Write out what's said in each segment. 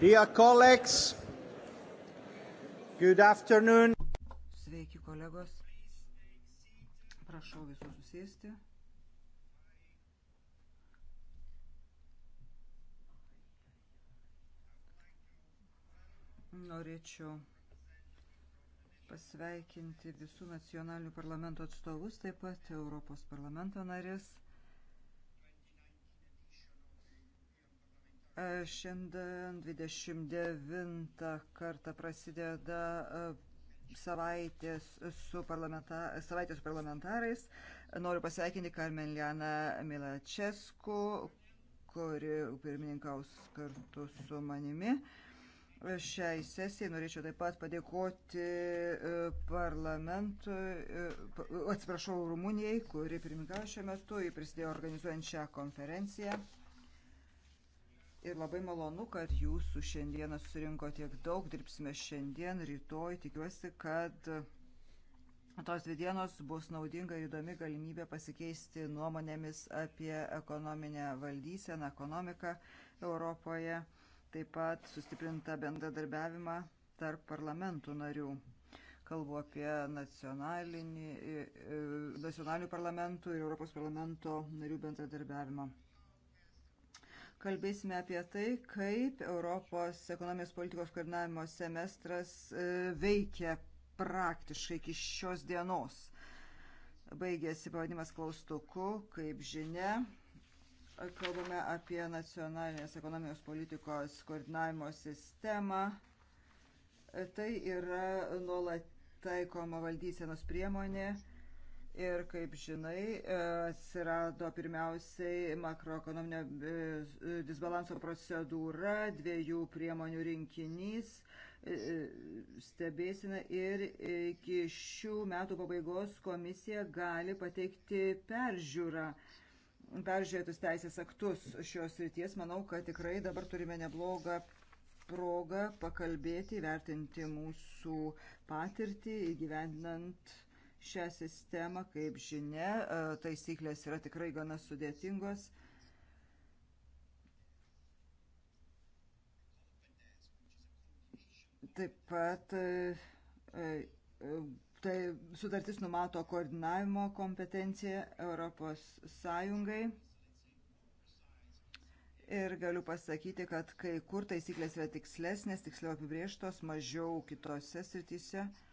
Dear colleagues, good afternoon. Sveiki kolegos. Prašau visus susėsti. Norėčiau pasveikinti visų nacionalinių parlamento atstovus, taip pat Europos parlamento narės. E, šiandien 29 kartą prasideda e, savaitės su, parlamenta, savaitės su parlamentarais. Noriu pasveikinti Carmen Lianą Milačesku, kuri pirmininkaus kartu su manimi. Šiai sesijai norėčiau taip pat padėkoti e, parlamentui, atsiprašau, Rumunijai, kuri pirmininkavo šiuo metu, jį prisidėjo organizuojant šią konferenciją. Ir labai malonu, kad jūsų šiandieną surinko tiek daug, dirbsime šiandien, rytoj. Tikiuosi, kad tos dvi dienos bus naudinga ir įdomi galimybė pasikeisti nuomonėmis apie ekonominę valdyseną, ekonomiką Europoje, taip pat sustiprinta bendradarbiavimą tarp parlamentų narių. Kalbu apie e, e, nacionalinių parlamentų ir Europos parlamento narių bendradarbiavimą kalbėsime apie tai, kaip Europos ekonomijos politikos koordinavimo semestras e, veikia praktiškai iki šios dienos. Baigėsi pavadimas klaustuku, kaip žinia. Kalbame apie nacionalinės ekonomijos politikos koordinavimo sistemą. E, tai yra nuolat taikoma valdysenos priemonė Ir kaip žinai, e, atsirado pirmiausiai makroekonominio e, disbalanso procedūra, dviejų priemonių rinkinys, e, stebėsina ir iki šių metų pabaigos komisija gali pateikti peržiūrą, peržiūrėtus teisės aktus šios ryties. Manau, kad tikrai dabar turime neblogą progą pakalbėti, vertinti mūsų patirtį įgyvendinant šią sistemą. Kaip žinia, e, taisyklės yra tikrai gana sudėtingos. Taip pat e, e, tai sutartis numato koordinavimo kompetenciją Europos Sąjungai. Ir galiu pasakyti, kad kai kur taisyklės yra tikslesnės, tiksliau apibrieštos, mažiau kitose srityse. Uh,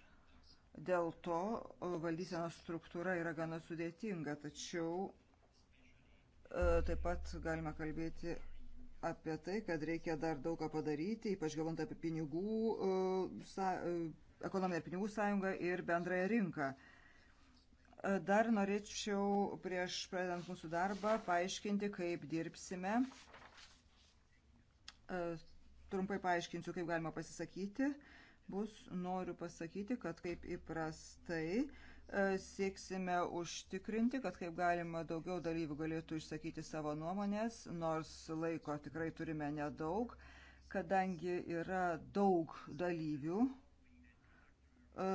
Dėl to e, valdysenos struktūra yra gana sudėtinga, tačiau e, taip pat galima kalbėti apie tai, kad reikia dar daug ką padaryti, ypač galvant apie pinigų, e, ekonominę pinigų sąjungą ir bendrąją rinką. Dar norėčiau prieš pradedant mūsų darbą paaiškinti, kaip dirbsime. Trumpai paaiškinsiu, kaip galima pasisakyti bus, noriu pasakyti, kad kaip įprastai e, sieksime užtikrinti, kad kaip galima daugiau dalyvių galėtų išsakyti savo nuomonės, nors laiko tikrai turime nedaug, kadangi yra daug dalyvių e,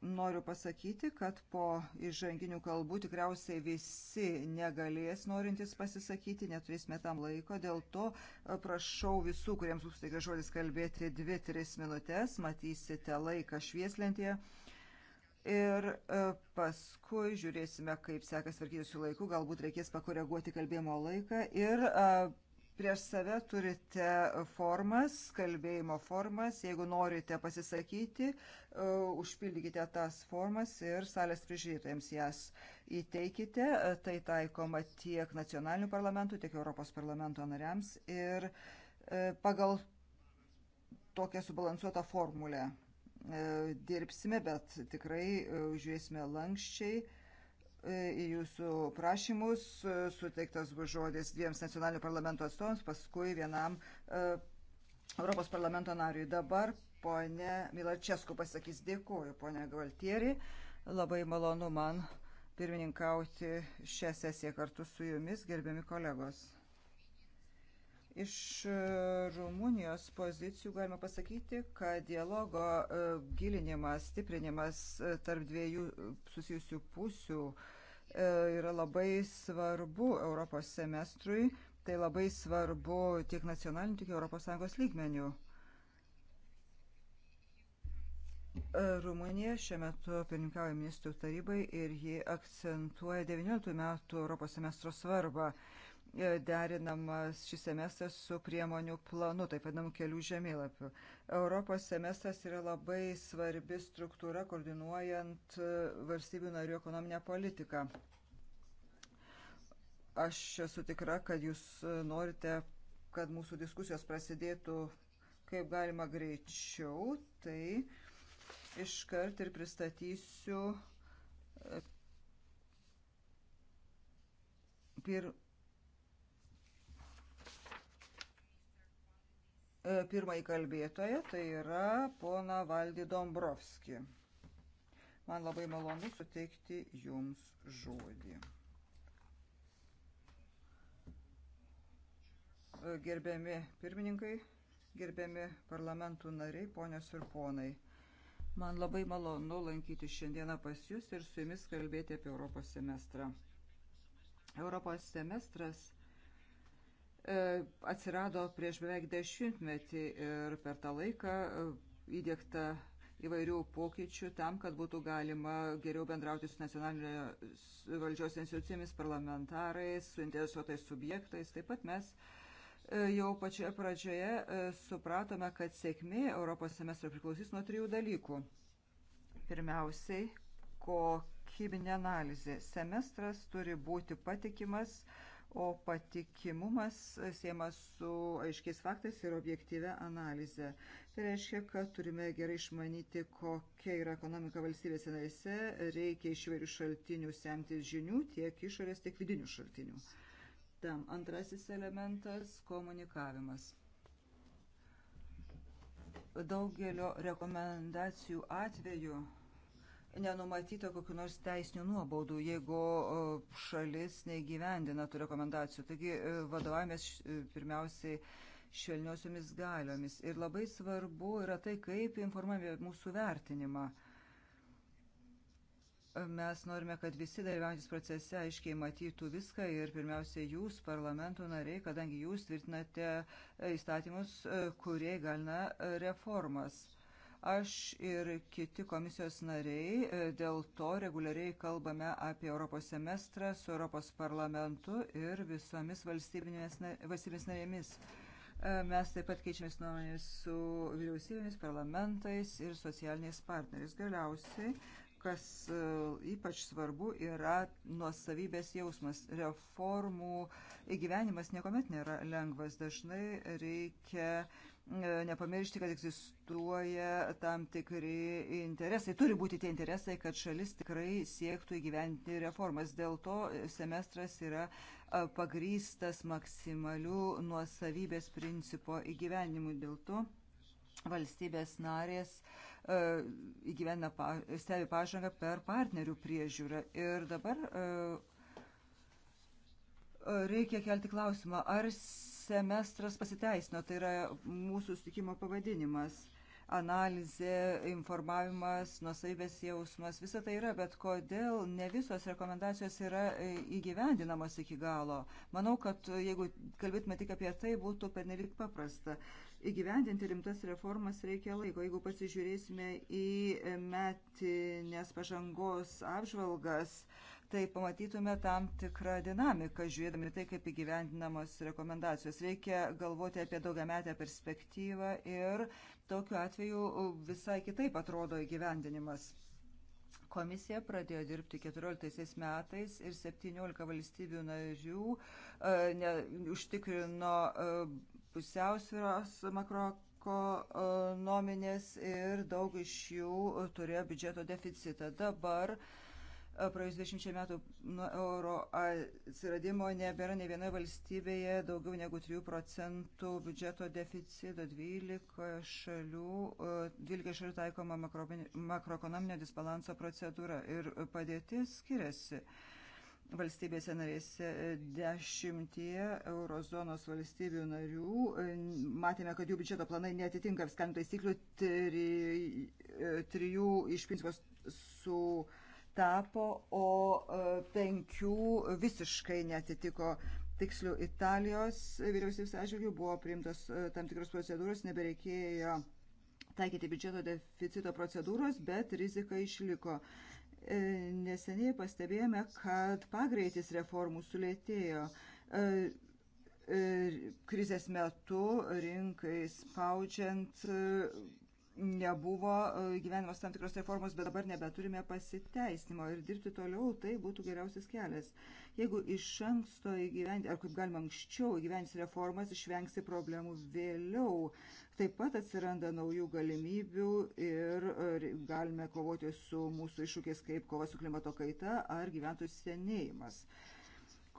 noriu pasakyti, kad po įžanginių kalbų tikriausiai visi negalės norintys pasisakyti, neturėsime tam laiko, dėl to e, prašau visų, kuriems bus teikia žodis kalbėti 2-3 minutės, matysite laiką švieslentėje. Ir e, paskui žiūrėsime, kaip sekas tvarkyti su laiku, galbūt reikės pakoreguoti kalbėjimo laiką ir e, Prieš save turite formas, kalbėjimo formas. Jeigu norite pasisakyti, e, užpildykite tas formas ir salės prižiūrėtojams jas įteikite. E, tai taikoma tiek nacionalinių parlamentų, tiek Europos parlamento nariams ir e, pagal tokią subalansuotą formulę dirbsime, bet tikrai žiūrėsime lankščiai E, į jūsų prašymus. E, suteiktas bus žodis dviems nacionalinių parlamento atstovams, paskui vienam e, Europos parlamento nariui. Dabar ponė Milarčesku pasakys dėkuoju, ponė Gvaltieri. Labai malonu man pirmininkauti šią sesiją kartu su jumis, gerbiami kolegos. Iš e, Rumunijos pozicijų galima pasakyti, kad dialogo e, gilinimas, stiprinimas e, tarp dviejų susijusių pusių yra labai svarbu Europos semestrui, tai labai svarbu tiek nacionaliniu, tiek ES lygmeniu. Rumunija šiuo metu pirmininkauja ministrų tarybai ir ji akcentuoja 19 metų Europos semestro svarbą. E, derinamas šis semestras su priemonių planu, taip vadinamu kelių žemėlapiu. Europos semestras yra labai svarbi struktūra koordinuojant e, valstybių narių ekonominę politiką. Aš esu tikra, kad jūs e, norite, kad mūsų diskusijos prasidėtų kaip galima greičiau, tai iškart ir pristatysiu pir, E, pirmąjį kalbėtoją, tai yra pona Valdį Dombrovskį. Man labai malonu suteikti jums žodį. E, gerbiami pirmininkai, gerbiami parlamentų nariai, ponios ir ponai. Man labai malonu lankyti šiandieną pas jūs ir su jumis kalbėti apie Europos semestrą. Europos semestras E, atsirado prieš beveik dešimtmetį ir per tą laiką e, įdėkta įvairių pokyčių tam, kad būtų galima geriau bendrauti su nacionalinio valdžios institucijomis, parlamentarais, suinteresuotais subjektais. Taip pat mes e, jau pačioje pradžioje supratome, kad sėkmė Europos semestro priklausys nuo trijų dalykų. Pirmiausiai, kokybinė analizė. Semestras turi būti patikimas, uh, o patikimumas siemas su aiškiais faktais ir objektyvę analizę. Tai reiškia, kad turime gerai išmanyti, kokia yra ekonomika valstybėse narėse, reikia iš įvairių šaltinių semtis žinių, tiek išorės, tiek vidinių šaltinių. Tam antrasis elementas - komunikavimas daugelio rekomendacijų atveju nenumatyta kokiu nors teisinių nuobaudų, jeigu šalis neįgyvendina tų rekomendacijų. Taigi e, vadovavimės e, pirmiausiai švelniosiomis galiomis. Ir labai svarbu yra tai, kaip informuojame mūsų vertinimą. Mes norime, kad visi dalyvaujantis procese aiškiai matytų viską ir pirmiausia jūs, parlamento nariai, kadangi jūs tvirtinate e, įstatymus, kurie galina reformas. Aš ir kiti komisijos nariai e, dėl to reguliariai kalbame apie Europos semestrą su Europos parlamentu ir visomis valstybės narėmis. E, mes taip pat keičiamės nuomonės su vyriausybėmis, parlamentais ir socialiniais partneriais. Galiausiai kas e, ypač svarbu, yra nuosavybės jausmas. Reformų įgyvenimas niekuomet nėra lengvas. Dažnai reikia nepamiršti, kad egzistuoja tam tikri interesai. Turi būti tie interesai, kad šalis tikrai siektų įgyventi reformas. Dėl to semestras yra pagrystas maksimalių nuosavybės principo įgyvenimu. Dėl to valstybės narės įgyvena, stebi pažangą per partnerių priežiūrą. Ir dabar reikia kelti klausimą, ar semestras pasiteisino, tai yra mūsų sutikimo pavadinimas analizė, informavimas, nusaibės jausmas, visa tai yra, bet kodėl ne visos rekomendacijos yra e, įgyvendinamos iki galo? Manau, kad e, jeigu kalbėtume tik apie tai, būtų pernelik paprasta. Įgyvendinti rimtas reformas reikia laiko. Jeigu pasižiūrėsime į metinės pažangos apžvalgas, tai pamatytume tam tikrą dinamiką, žiūrėdami tai, kaip įgyvendinamos rekomendacijos. Reikia galvoti apie daugiametę perspektyvą ir tokiu atveju visai kitaip atrodo įgyvendinimas. Komisija pradėjo dirbti 14 metais ir 17 valstybių narių e, ne, užtikrino e, pusiausvyros makroekonominės ir daug iš jų turėjo biudžeto deficitą. Dabar uh, praėjus dešimčiai metų nuo euro atsiradimo nebėra ne vienoje valstybėje daugiau negu 3 procentų biudžeto deficito 12 šalių, 12 e, šalių taikoma makro, makroekonominio disbalanso procedūra ir padėtis skiriasi. Valstybėse narėse dešimtie eurozonos valstybių narių. E, matėme, kad jų biudžeto planai netitinka viskantų taisyklių. Tri, e, trijų iš principos su uh, tapo, o e, penkių visiškai netitiko tiksliau Italijos vyriausybės atžvilgių buvo priimtos e, tam tikros procedūros, nebereikėjo taikyti biudžeto deficito procedūros, bet rizika išliko. E, neseniai pastebėjome, kad pagreitis reformų sulėtėjo. Krizės metu rinkai spaudžiant nebuvo e, gyvenimas tam tikros reformos, bet dabar nebeturime pasiteisnimo ir dirbti toliau, tai būtų geriausias kelias. Jeigu iš anksto įgyventi, ar kaip galima anksčiau įgyventi reformas, išvengsi problemų vėliau. Taip pat atsiranda naujų galimybių ir e, galime kovoti su mūsų iššūkės kaip kova su klimato kaita ar gyventojų senėjimas.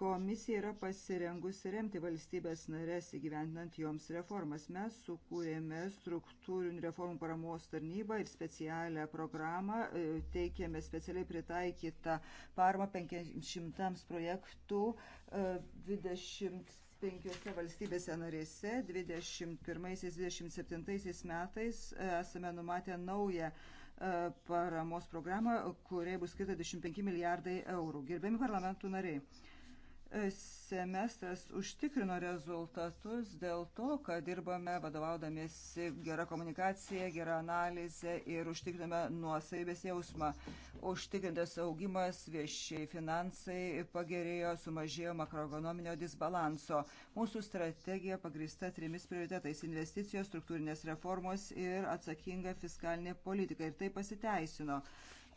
Komisija yra pasirengusi remti valstybės narės įgyvendinant joms reformas. Mes sukūrėme struktūrinių reformų paramos tarnybą ir specialią programą, e, teikėme specialiai pritaikytą paramą 500 projektų 25 e, valstybėse narėse. 21-27 metais e, esame numatę naują paramos programą, kuriai bus skirta 25 milijardai eurų. Gerbiami parlamentų nariai semestras užtikrino rezultatus dėl to, kad dirbame vadovaudamėsi gerą komunikaciją, gerą analizę ir užtikriname nuosaibės jausmą. Užtikrintas augimas, viešiai finansai pagerėjo, sumažėjo makroekonominio disbalanso. Mūsų strategija pagrįsta trimis prioritetais - investicijos, struktūrinės reformos ir atsakinga fiskalinė politika. Ir tai pasiteisino.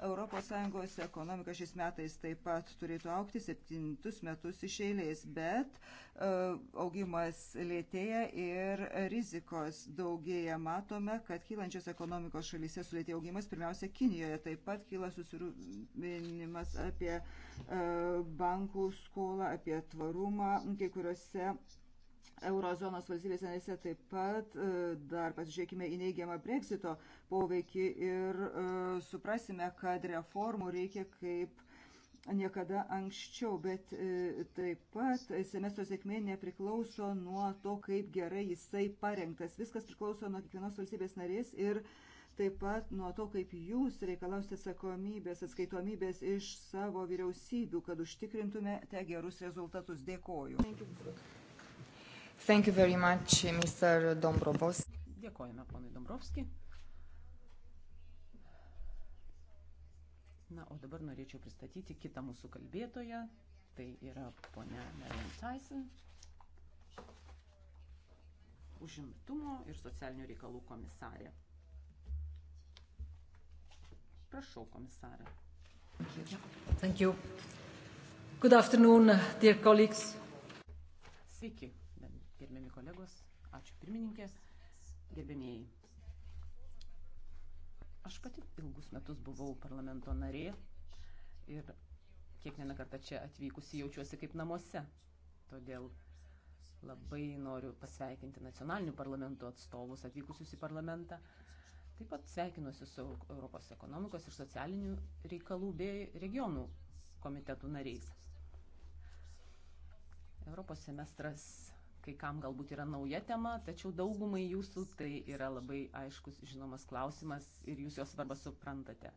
ES ekonomika šiais metais taip pat turėtų aukti septintus metus iš eilės, bet uh, augimas lėtėja ir rizikos daugėja. Matome, kad kylančios ekonomikos šalyse sulėtėja augimas, pirmiausia, Kinijoje taip pat kyla susirūpinimas apie uh, bankų skolą, apie tvarumą kai kuriuose Eurozonos valstybės narėse taip pat e, dar pasižiūrėkime į neigiamą breksito poveikį ir e, suprasime, kad reformų reikia kaip niekada anksčiau, bet e, taip pat semestro sėkmė nepriklauso nuo to, kaip gerai jisai parengtas. Viskas priklauso nuo kiekvienos valstybės narės ir taip pat nuo to, kaip jūs reikalausite atsakomybės, atskaitomybės iš savo vyriausybių, kad užtikrintumėte gerus rezultatus. Dėkoju. Thank you very much, Mr. Dombrovskis. Dėkojame, ponai Dombrovskis. Na, o dabar norėčiau pristatyti kitą mūsų kalbėtoją. Tai yra ponia Marian Tyson, užimtumo ir socialinių reikalų komisarė. Prašau, komisarė. Thank you. Good afternoon, dear colleagues. Sveiki, gerbiami kolegos, ačiū pirmininkės, gerbėmieji. Aš pati ilgus metus buvau parlamento narė ir kiekvieną kartą čia atvykusi jaučiuosi kaip namuose. Todėl labai noriu pasveikinti nacionalinių parlamentų atstovus atvykusius į parlamentą. Taip pat sveikinuosi su Europos ekonomikos ir socialinių reikalų bei regionų komitetų nariais. Europos semestras kai kam galbūt yra nauja tema, tačiau daugumai jūsų tai yra labai aiškus žinomas klausimas ir jūs jos svarbą suprantate.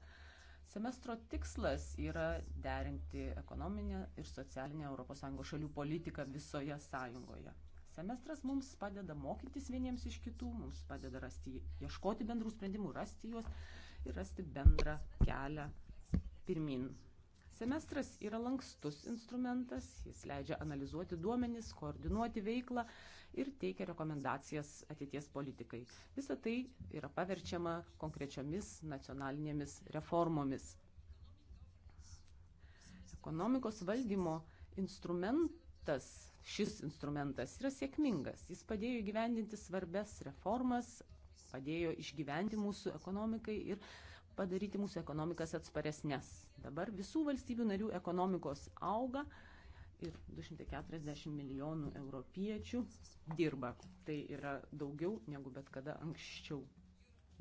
Semestro tikslas yra derinti ekonominę ir socialinę ES šalių politiką visoje sąjungoje. Semestras mums padeda mokytis vieniems iš kitų, mums padeda rasti, ieškoti bendrų sprendimų, rasti juos ir rasti bendrą kelią pirmin Semestras yra lankstus instrumentas, jis leidžia analizuoti duomenis, koordinuoti veiklą ir teikia rekomendacijas ateities politikai. Visa tai yra paverčiama konkrečiomis nacionalinėmis reformomis. Ekonomikos valdymo instrumentas, šis instrumentas yra sėkmingas. Jis padėjo gyvendinti svarbes reformas, padėjo išgyventi mūsų ekonomikai ir padaryti mūsų ekonomikas atsparesnės. Dabar visų valstybių narių ekonomikos auga ir 240 milijonų europiečių dirba. Tai yra daugiau negu bet kada anksčiau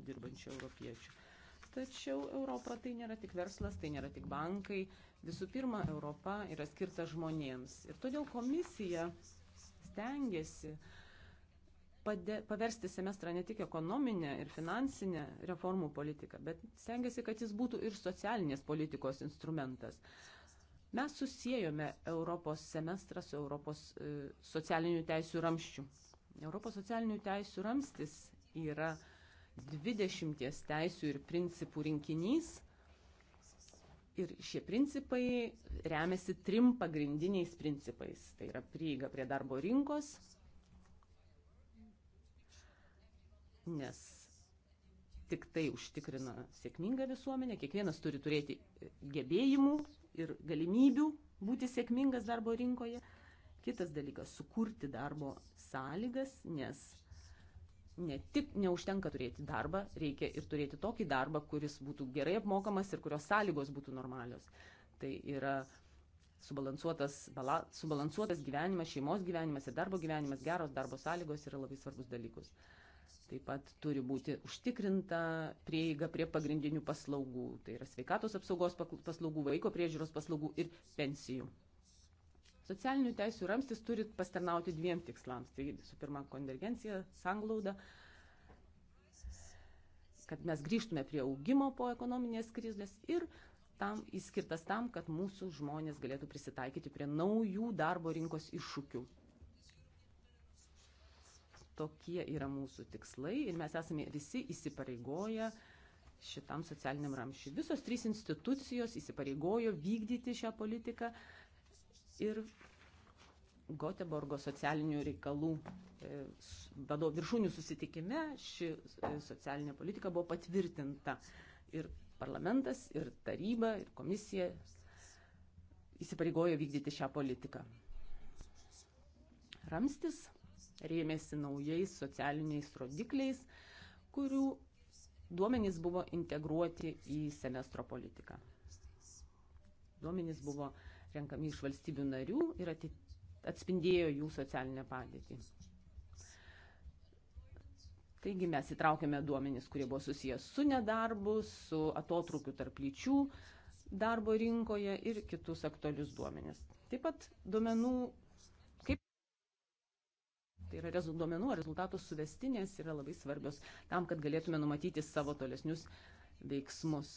dirbančių europiečių. Tačiau Europa tai nėra tik verslas, tai nėra tik bankai. Visų pirma, Europa yra skirta žmonėms. Ir todėl komisija stengiasi uh, pade, paversti semestrą ne tik ekonominę ir finansinę reformų politiką, bet stengiasi, kad jis būtų ir socialinės politikos instrumentas. Mes susijėjome Europos semestrą su Europos e, socialinių teisių ramščiu. Europos socialinių teisių ramstis yra 20 teisių ir principų rinkinys. Ir šie principai remiasi trim pagrindiniais principais. Tai yra prieiga prie darbo rinkos, nes tik tai užtikrina sėkmingą visuomenę, kiekvienas turi turėti gebėjimų ir galimybių būti sėkmingas darbo rinkoje. Kitas dalykas - sukurti darbo sąlygas, nes ne tik neužtenka turėti darbą, reikia ir turėti tokį darbą, kuris būtų gerai apmokamas ir kurios sąlygos būtų normalios. Tai yra subalansuotas, bala, subalansuotas gyvenimas, šeimos gyvenimas ir darbo gyvenimas, geros darbo sąlygos yra labai svarbus dalykus. Taip pat turi būti užtikrinta prieiga prie pagrindinių paslaugų, tai yra sveikatos apsaugos paslaugų, vaiko priežiūros paslaugų ir pensijų. Socialinių teisų ramstis turi pastarnauti dviem tikslams. Tai visų pirma, konvergencija, sanglauda, kad mes grįžtume prie augimo po ekonominės krizės ir tam įskirtas tam, kad mūsų žmonės galėtų prisitaikyti prie naujų darbo rinkos iššūkių. Tokie yra mūsų tikslai ir mes esame visi įsipareigoję šitam socialiniam ramšiui. Visos trys institucijos įsipareigojo vykdyti šią politiką ir Goteborgo socialinių reikalų e, vadovų viršūnių susitikime ši e, socialinė politika buvo patvirtinta. Ir parlamentas, ir taryba, ir komisija įsipareigojo vykdyti šią politiką. Ramstis rėmėsi naujais socialiniais rodikliais, kurių duomenys buvo integruoti į semestro politiką. Duomenys buvo renkami iš valstybių narių ir atspindėjo jų socialinę padėtį. Taigi mes įtraukėme duomenys, kurie buvo susijęs su nedarbu, su atotrukiu tarp lyčių darbo rinkoje ir kitus aktualius duomenys. Taip pat duomenų tai yra duomenų rezultatų suvestinės yra labai svarbios tam, kad galėtume numatyti savo tolesnius veiksmus.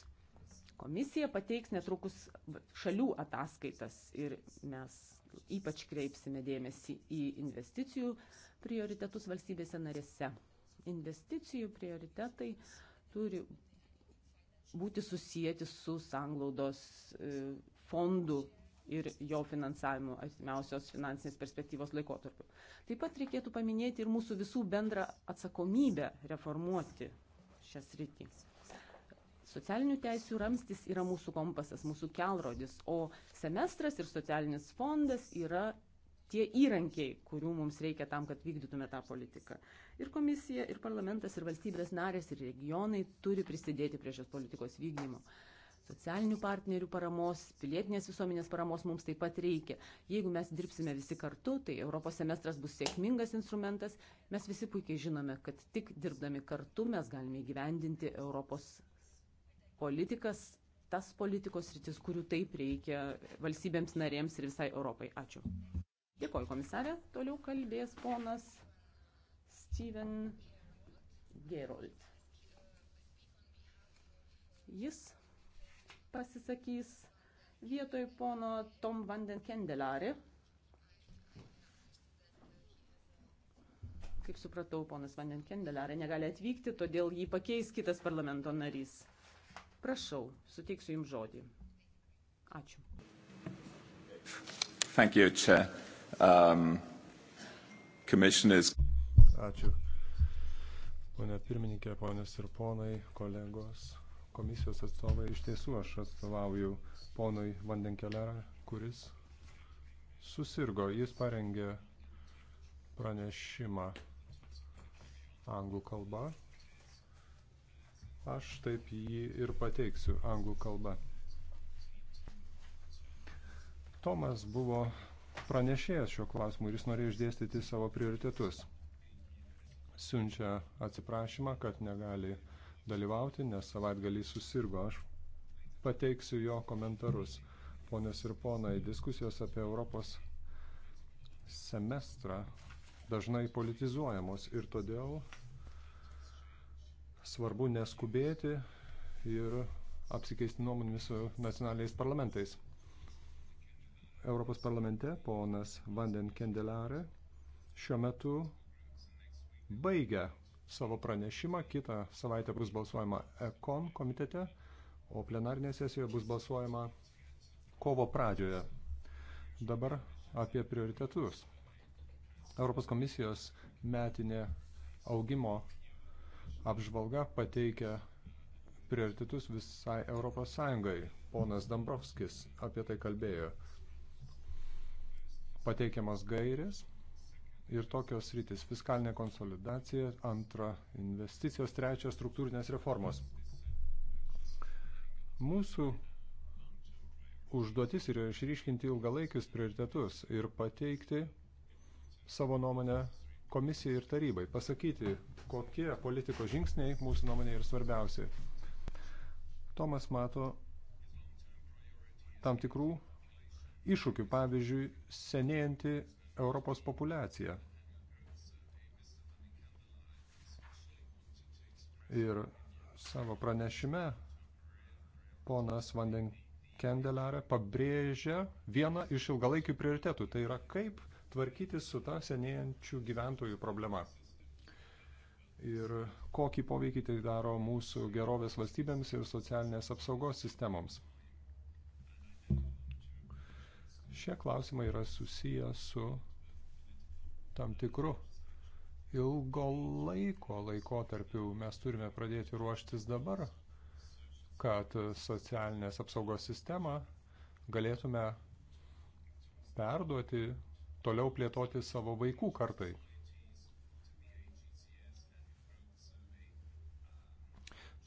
Komisija pateiks netrukus šalių ataskaitas ir mes ypač kreipsime dėmesį į investicijų prioritetus valstybėse narėse. Investicijų prioritetai turi būti susijęti su sanglaudos e, fondų ir jo finansavimu artimiausios finansinės perspektyvos laikotarpiu. Taip pat reikėtų paminėti ir mūsų visų bendrą atsakomybę reformuoti šią sritį. Socialinių teisių ramstis yra mūsų kompasas, mūsų kelrodis, o semestras ir socialinis fondas yra tie įrankiai, kurių mums reikia tam, kad vykdytume tą politiką. Ir komisija, ir parlamentas, ir valstybės narės, ir regionai turi prisidėti prie šios politikos vykdymo. Uh, socialinių partnerių paramos, pilietinės visuomenės paramos mums taip pat reikia. Jeigu mes dirbsime visi kartu, tai Europos semestras bus sėkmingas instrumentas. Mes visi puikiai žinome, kad tik dirbdami kartu mes galime įgyvendinti Europos politikas, tas politikos rytis, kurių taip reikia valstybėms narėms ir visai Europai. Ačiū. Dėkoju komisarė. Toliau kalbės ponas Steven Gerold. Jis pasisakys vietoj pono Tom Vanden Kendelari. Kaip supratau, ponas Vanden Kendelari negali atvykti, todėl jį pakeis kitas parlamento narys. Prašau, suteiksiu jums žodį. Ačiū. Thank you, Chair. Um, commissioners. Ačiū. Pone pirmininkė, ponės ir ponai, kolegos komisijos atstovai, iš tiesų aš atstovauju ponui Vandenkelerą, kuris susirgo. Jis parengė pranešimą anglų kalba. Aš taip jį ir pateiksiu anglų kalba. Tomas buvo pranešėjęs šio klausimu ir jis norėjo išdėstyti savo prioritetus. Siunčia atsiprašymą, kad negali dalyvauti, nes savaitgalį susirgo. Aš pateiksiu jo komentarus. Ponios ir ponai, diskusijos apie Europos semestrą dažnai politizuojamos ir todėl svarbu neskubėti ir apsikeisti nuomonėmis su nacionaliais parlamentais. Europos parlamente ponas Vanden Kendelare šiuo metu baigia savo pranešimą. Kitą savaitę bus balsuojama ECON komitete, o plenarinėje sesijoje bus balsuojama kovo pradžioje. Dabar apie prioritetus. Europos komisijos metinė augimo apžvalga pateikia prioritetus visai Europos Sąjungai. Ponas Dambrovskis apie tai kalbėjo. Pateikiamas gairis ir tokios rytis - fiskalinė konsolidacija, antra - investicijos, trečia - struktūrinės reformos. Mūsų užduotis yra išryškinti ilgalaikius prioritetus ir pateikti savo nuomonę komisijai ir tarybai, pasakyti, kokie politikos žingsniai mūsų nuomonė yra svarbiausi. Tomas mato tam tikrų iššūkių, pavyzdžiui, senėjanti Europos populiaciją. Ir savo pranešime ponas Vanden Kendelarė pabrėžia vieną iš ilgalaikių prioritetų, tai yra kaip tvarkytis su ta senėjančių gyventojų problema. Ir kokį poveikį tai daro mūsų gerovės valstybėms ir socialinės apsaugos sistemoms. Šie klausimai yra susiję su tam tikru ilgo laiko laikotarpiu mes turime pradėti ruoštis dabar, kad socialinės apsaugos sistemą galėtume perduoti, toliau plėtoti savo vaikų kartai.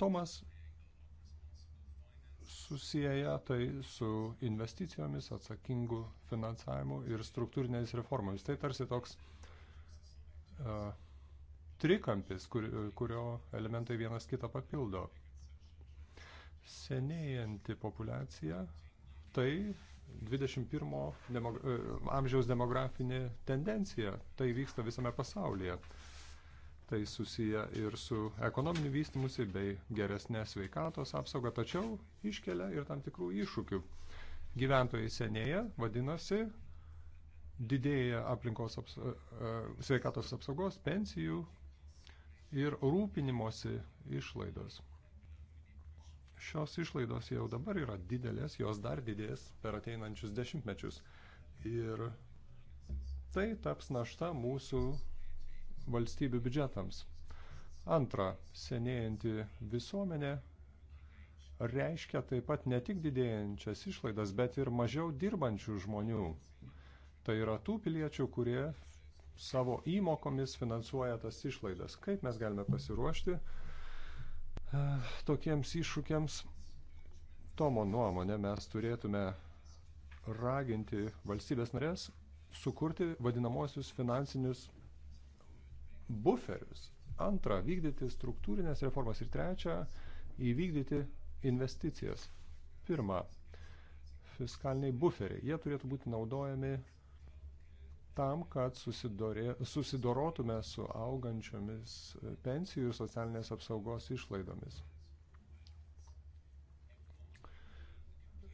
Tomas susiję tai su investicijomis, atsakingu finansavimu ir struktūrinėmis reformomis. Tai tarsi toks uh, trikampis, kur, kurio elementai vienas kitą papildo. Senėjanti populiacija tai 21 demog e, amžiaus demografinė tendencija. Tai vyksta visame pasaulyje. Tai susiję ir su ekonominiu vystimusi bei geresnė sveikatos apsauga, tačiau iškelia ir tam tikrų iššūkių. Gyventojai senėja, vadinasi, didėja aplinkos aps, e, e, sveikatos apsaugos, pensijų ir rūpinimosi išlaidos. Šios išlaidos jau dabar yra didelės, jos dar didės per ateinančius dešimtmečius. Ir tai taps našta mūsų valstybių biudžetams. Antra, senėjanti visuomenė reiškia taip pat ne tik didėjančias išlaidas, bet ir mažiau dirbančių žmonių. Tai yra tų piliečių, kurie savo įmokomis finansuoja tas išlaidas. Kaip mes galime pasiruošti e, tokiems iššūkiams? Tomo nuomonė mes turėtume raginti valstybės narės sukurti vadinamosius finansinius buferius. Antra, vykdyti struktūrinės reformas ir trečia, įvykdyti investicijas. Pirma, fiskaliniai buferiai. Jie turėtų būti naudojami tam, kad susidorė, susidorotume su augančiomis pensijų ir socialinės apsaugos išlaidomis.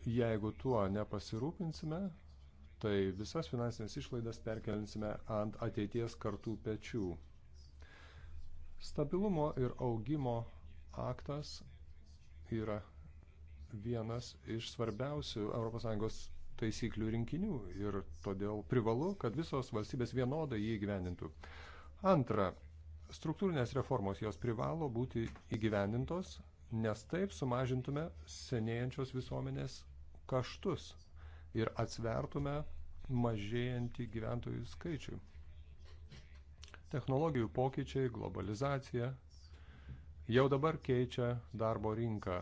Jeigu tuo nepasirūpinsime, tai visas finansinės išlaidas perkelinsime ant ateities kartų pečių. Stabilumo ir augimo aktas yra vienas iš svarbiausių ES taisyklių rinkinių ir todėl privalu, kad visos valstybės vienodai jį įgyvendintų. Antra, struktūrinės reformos jos privalo būti įgyvendintos, nes taip sumažintume senėjančios visuomenės kaštus ir atsvertume mažėjantį gyventojų skaičių. Technologijų pokyčiai, globalizacija jau dabar keičia darbo rinką.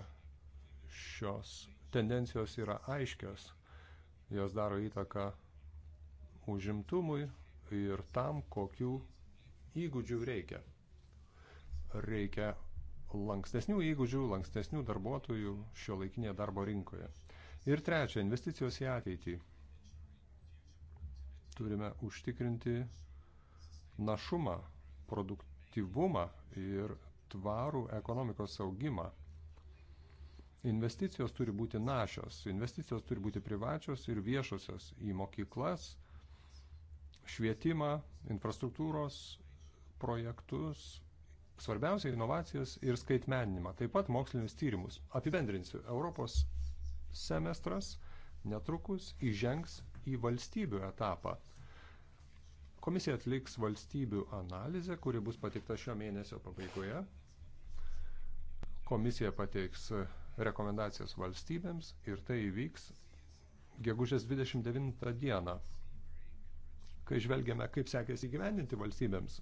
Šios tendencijos yra aiškios jos daro įtaką užimtumui ir tam, kokių įgūdžių reikia. Reikia lankstesnių įgūdžių, lankstesnių darbuotojų šio laikinėje darbo rinkoje. Ir trečia, investicijos į ateitį. Turime užtikrinti našumą, produktyvumą ir tvarų ekonomikos augimą. Investicijos turi būti našios, investicijos turi būti privačios ir viešosios į mokyklas, švietimą, infrastruktūros projektus, svarbiausia inovacijas ir skaitmeninimą, taip pat mokslinius tyrimus. Apibendrinsiu, Europos semestras netrukus įžengs į valstybių etapą. Komisija atliks valstybių analizę, kuri bus pateikta šio mėnesio pabaigoje. Komisija pateiks rekomendacijas valstybėms ir tai įvyks gegužės 29 dieną. Kai žvelgiame, kaip sekėsi gyvendinti valstybėms,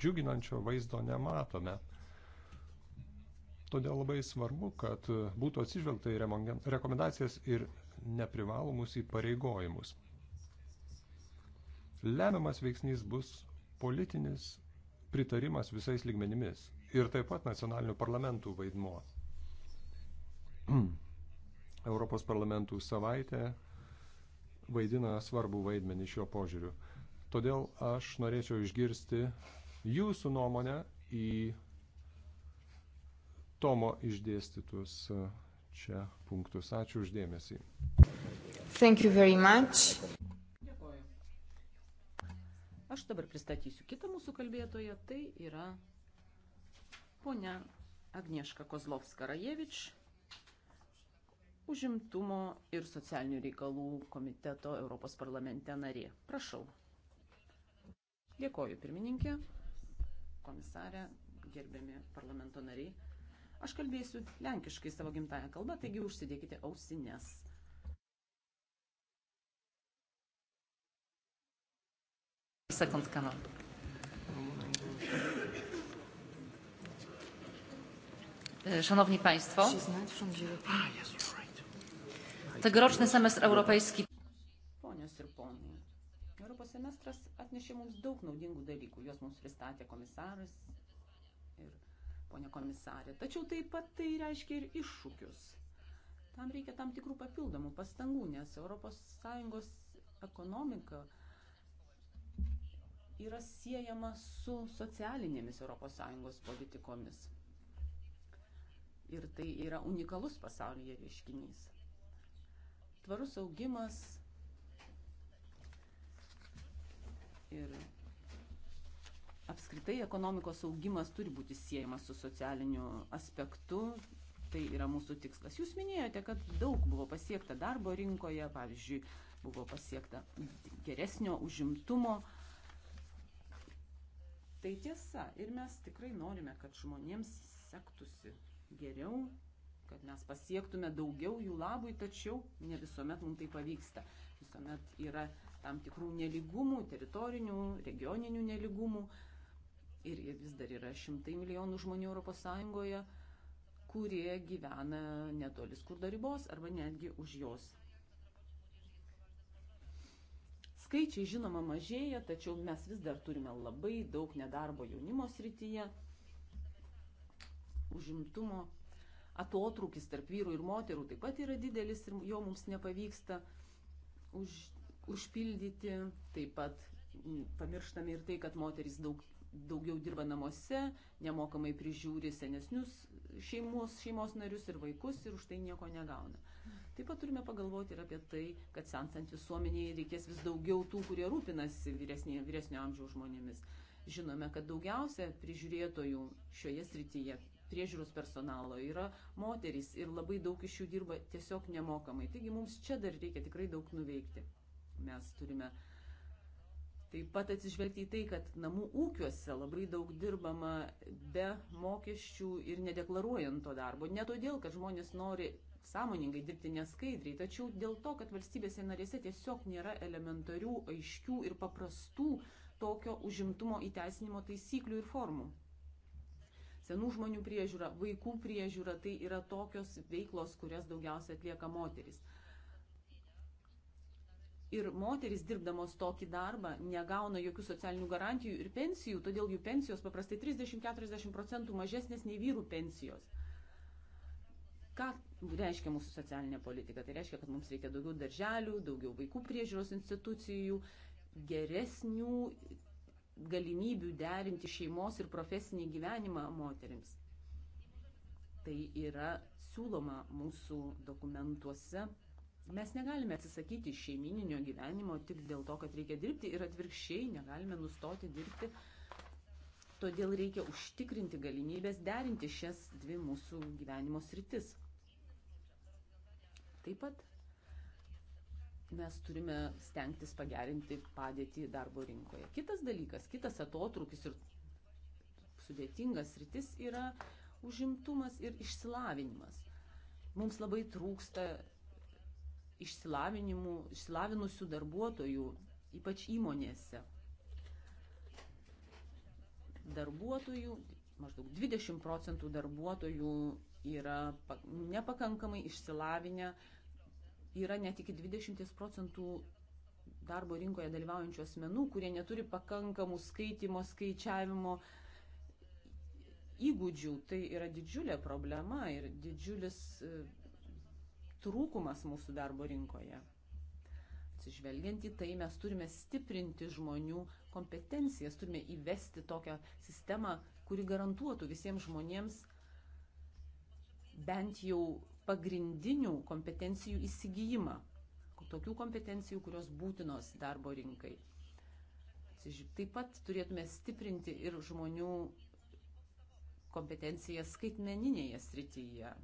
džiuginančio vaizdo nematome. Todėl labai svarbu, kad būtų atsižvelgta į rekomendacijas ir neprivalomus įpareigojimus. Lemiamas veiksnys bus politinis pritarimas visais lygmenimis ir taip pat nacionalinių parlamentų vaidmuo. Mm. Europos parlamentų savaitė vaidina svarbų vaidmenį šiuo požiūriu. Todėl aš norėčiau išgirsti jūsų nuomonę į Tomo išdėstytus e, čia punktus. Ačiū uždėmesį. Thank you very much. Dėkoju. Aš dabar pristatysiu kitą mūsų kalbėtoją. Tai yra ponia Agnieszka Kozlovska Rajevič, užimtumo ir socialinių reikalų komiteto Europos parlamente narė. Prašau. Dėkoju, pirmininkė, komisarė, gerbiami parlamento nariai. Aš kalbėsiu lenkiškai savo gimtają kalbą, taigi užsidėkite ausines. Second canal. Szanowni Państwo. Tegoroczny semestr europejski. Ponios ir ponai, Europos semestras atnešė mums daug naudingų dalykų, juos mums pristatė komisaras ir ponia komisarė. Tačiau taip pat tai reiškia ir iššūkius. Tam reikia tam tikrų papildomų pastangų, nes ES ekonomika yra siejama su socialinėmis ES politikomis. Ir tai yra unikalus pasaulyje reiškinys. Tvarus augimas ir apskritai ekonomikos augimas turi būti siejamas su socialiniu aspektu. Tai yra mūsų tikslas. Jūs minėjote, kad daug buvo pasiekta darbo rinkoje, pavyzdžiui, buvo pasiekta geresnio užimtumo. Tai tiesa ir mes tikrai norime, kad žmonėms sektųsi geriau, kad mes pasiektume daugiau jų labui, tačiau ne visuomet mums tai pavyksta. Visuomet yra tam tikrų neligumų, teritorinių, regioninių neligumų. Ir vis dar yra šimtai milijonų žmonių ES, kurie gyvena netoli skurdo ribos arba netgi už jos. Skaičiai žinoma mažėja, tačiau mes vis dar turime labai daug nedarbo jaunimo srityje, užimtumo atotrūkis tarp vyrų ir moterų taip pat yra didelis ir jo mums nepavyksta už, užpildyti. Taip pat pamirštame ir tai, kad moteris daug, daugiau dirba namuose, nemokamai prižiūri senesnius šeimos, šeimos narius ir vaikus ir už tai nieko negauna. Taip pat turime pagalvoti ir apie tai, kad sensant visuomeniai reikės vis daugiau tų, kurie rūpinasi vyresnė, vyresnio amžiaus žmonėmis. Žinome, kad daugiausia prižiūrėtojų šioje srityje priežiūros personalo yra moterys ir labai daug iš jų dirba tiesiog nemokamai. Taigi mums čia dar reikia tikrai daug nuveikti. Mes turime taip pat atsižvelgti į tai, kad namų ūkiuose labai daug dirbama be mokesčių ir nedeklaruojant to darbo. Ne todėl, kad žmonės nori sąmoningai dirbti neskaidriai, tačiau dėl to, kad valstybėse narėse tiesiog nėra elementarių, aiškių ir paprastų tokio užimtumo įteisinimo taisyklių ir formų senų žmonių priežiūra, vaikų priežiūra, tai yra tokios veiklos, kurias daugiausia atlieka moteris. Ir moteris dirbdamos tokį darbą negauna jokių socialinių garantijų ir pensijų, todėl jų pensijos paprastai 30-40 procentų mažesnės nei vyrų pensijos. Ką reiškia mūsų socialinė politika? Tai reiškia, kad mums reikia daugiau darželių, daugiau vaikų priežiūros institucijų, geresnių galimybių derinti šeimos ir profesinį gyvenimą moteriams. Tai yra siūloma mūsų dokumentuose. Mes negalime atsisakyti šeimininio gyvenimo tik dėl to, kad reikia dirbti ir atvirkščiai negalime nustoti dirbti. Todėl reikia užtikrinti galimybės derinti šias dvi mūsų gyvenimo sritis. Taip pat mes turime stengtis pagerinti padėtį darbo rinkoje. Kitas dalykas, kitas atotrukis ir sudėtingas rytis yra užimtumas ir išsilavinimas. Mums labai trūksta išsilavinusių darbuotojų, ypač įmonėse. Darbuotojų, maždaug 20 procentų darbuotojų yra nepakankamai išsilavinę, yra net iki 20 procentų darbo rinkoje dalyvaujančių asmenų, kurie neturi pakankamų skaitimo, skaičiavimo įgūdžių. Tai yra didžiulė problema ir didžiulis e, trūkumas mūsų darbo rinkoje. Atsižvelgiant į tai, mes turime stiprinti žmonių kompetencijas, turime įvesti tokią sistemą, kuri garantuotų visiems žmonėms bent jau pagrindinių kompetencijų įsigijimą, tokių kompetencijų, kurios būtinos darbo rinkai. Taip pat turėtume stiprinti ir žmonių kompetenciją skaitmeninėje srityje.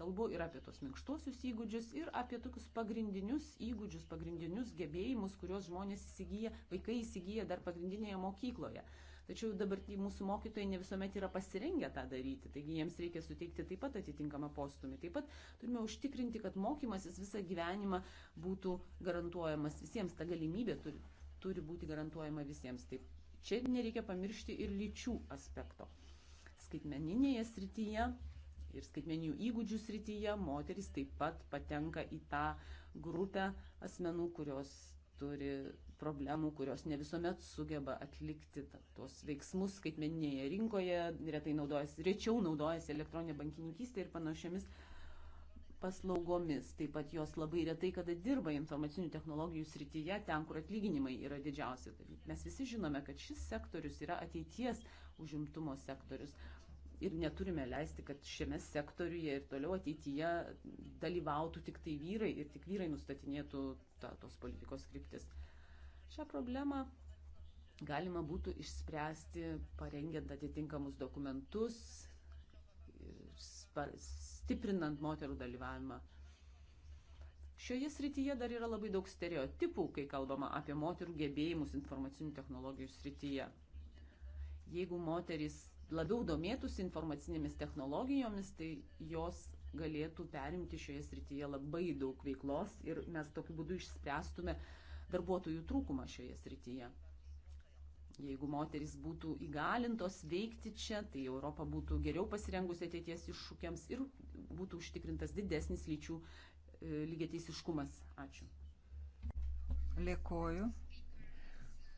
Kalbu ir apie tos minkštuosius įgūdžius, ir apie tokius pagrindinius įgūdžius, pagrindinius gebėjimus, kuriuos žmonės įsigyja, vaikai įsigyja dar pagrindinėje mokykloje. Tačiau dabar mūsų mokytojai ne visuomet yra pasirengę tą daryti, taigi jiems reikia suteikti taip pat atitinkamą postumį. Taip pat turime užtikrinti, kad mokymasis visą gyvenimą būtų garantuojamas visiems, ta galimybė turi, turi būti garantuojama visiems. Taip, čia nereikia pamiršti ir lyčių aspekto. Skaitmeninėje srityje ir skaitmeninių įgūdžių srityje moteris taip pat patenka į tą grupę asmenų, kurios turi problemų, kurios ne visuomet sugeba atlikti tuos veiksmus skaitmeninėje rinkoje, retai naudojasi, rečiau naudojasi elektroninė bankininkystė ir panašiamis paslaugomis. Taip pat jos labai retai kada dirba informacinių technologijų srityje, ten, kur atlyginimai yra didžiausi. Tai mes visi žinome, kad šis sektorius yra ateities užimtumo sektorius. Ir neturime leisti, kad šiame sektoriuje ir toliau ateityje dalyvautų tik tai vyrai ir tik vyrai nustatinėtų ta, tos politikos kryptis. Šią problemą galima būtų išspręsti parengiant atitinkamus dokumentus, stiprinant moterų dalyvavimą. Šioje srityje dar yra labai daug stereotipų, kai kalbama apie moterų gebėjimus informacinių technologijų srityje. Jeigu moteris labiau domėtųsi informacinėmis technologijomis, tai jos galėtų perimti šioje srityje labai daug veiklos ir mes tokiu būdu išspręstume uh, darbuotojų trūkumą šioje srityje. Jeigu moteris būtų įgalintos veikti čia, tai Europa būtų geriau pasirengusi ateities iššūkiams ir būtų užtikrintas didesnis lyčių e, lygiateisiškumas. Ačiū. Lėkoju.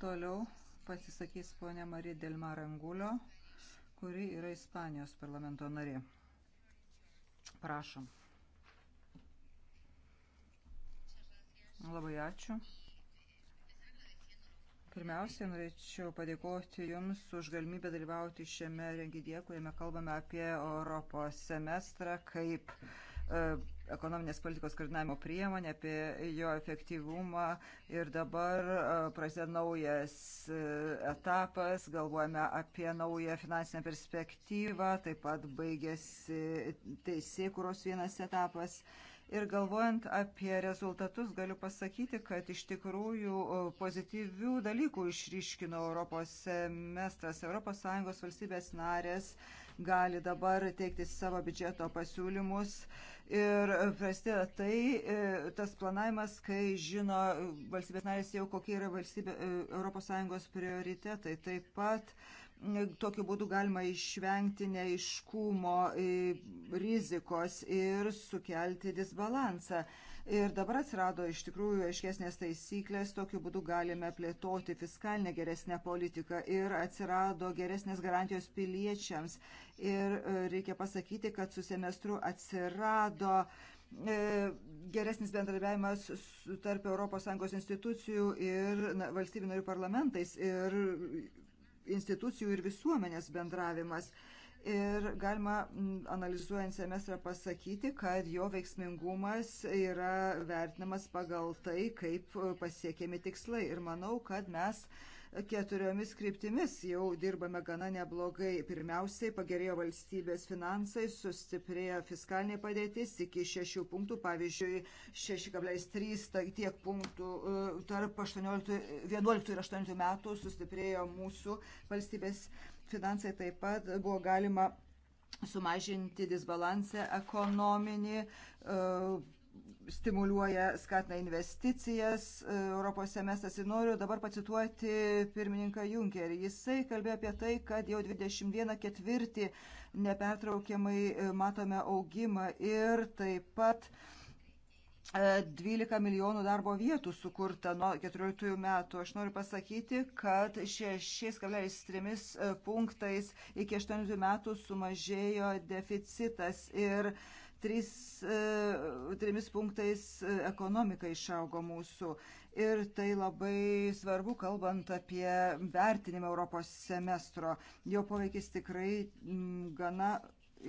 Toliau pasisakys ponė Marija Delmar Angulio, kuri yra Ispanijos parlamento narė. Prašom. Labai ačiū. Pirmiausia, norėčiau padėkoti Jums už galimybę dalyvauti šiame renginyje, kuriame kalbame apie Europos semestrą kaip e, ekonominės politikos koordinavimo priemonė, apie jo efektyvumą. Ir dabar e, prasideda naujas e, etapas, galvojame apie naują finansinę perspektyvą, taip pat baigėsi teisėkuros vienas etapas. Ir galvojant apie rezultatus, galiu pasakyti, kad iš tikrųjų pozityvių dalykų išryškino Europos semestras. ES valstybės narės gali dabar teikti savo biudžeto pasiūlymus. Ir prasideda tai, e, tas planavimas, kai žino valstybės narės jau, kokie yra valstybė, ES prioritetai. Taip pat uh, Tokiu būdu galima išvengti neiškumo e, rizikos ir sukelti disbalansą. Ir dabar atsirado iš tikrųjų aiškesnės taisyklės, tokiu būdu galime plėtoti fiskalinę geresnę politiką ir atsirado geresnės garantijos piliečiams. Ir e, reikia pasakyti, kad su semestru atsirado e, geresnis bendradarbiavimas tarp ES institucijų ir na, valstybių narių parlamentais. Ir institucijų ir visuomenės bendravimas. Ir galima analizuojant semestrą pasakyti, kad jo veiksmingumas yra vertinamas pagal tai, kaip e, pasiekėmi tikslai. Ir manau, kad mes uh, Keturiomis kryptimis jau dirbame gana neblogai. Pirmiausiai pagerėjo valstybės finansai, sustiprėjo fiskalinė padėtis iki 6 punktų, pavyzdžiui 6,3 tai tiek punktų e, tarp 18, 11 ir 18 metų sustiprėjo mūsų valstybės finansai. Taip pat buvo galima sumažinti disbalansą ekonominį. Uh, stimuliuoja, skatina investicijas e, Europos semestras. Ir noriu dabar pacituoti pirmininką Junkerį. Jisai kalbėjo apie tai, kad jau 21 ketvirtį nepertraukiamai e, matome augimą ir taip pat 12 e, milijonų darbo vietų sukurta nuo 14 metų. Aš noriu pasakyti, kad 6,3 punktais iki 18 metų sumažėjo deficitas ir uh, trys, e, trimis punktais e, ekonomika išaugo mūsų. Ir tai labai svarbu, kalbant apie vertinimą Europos semestro. Jo poveikis tikrai gana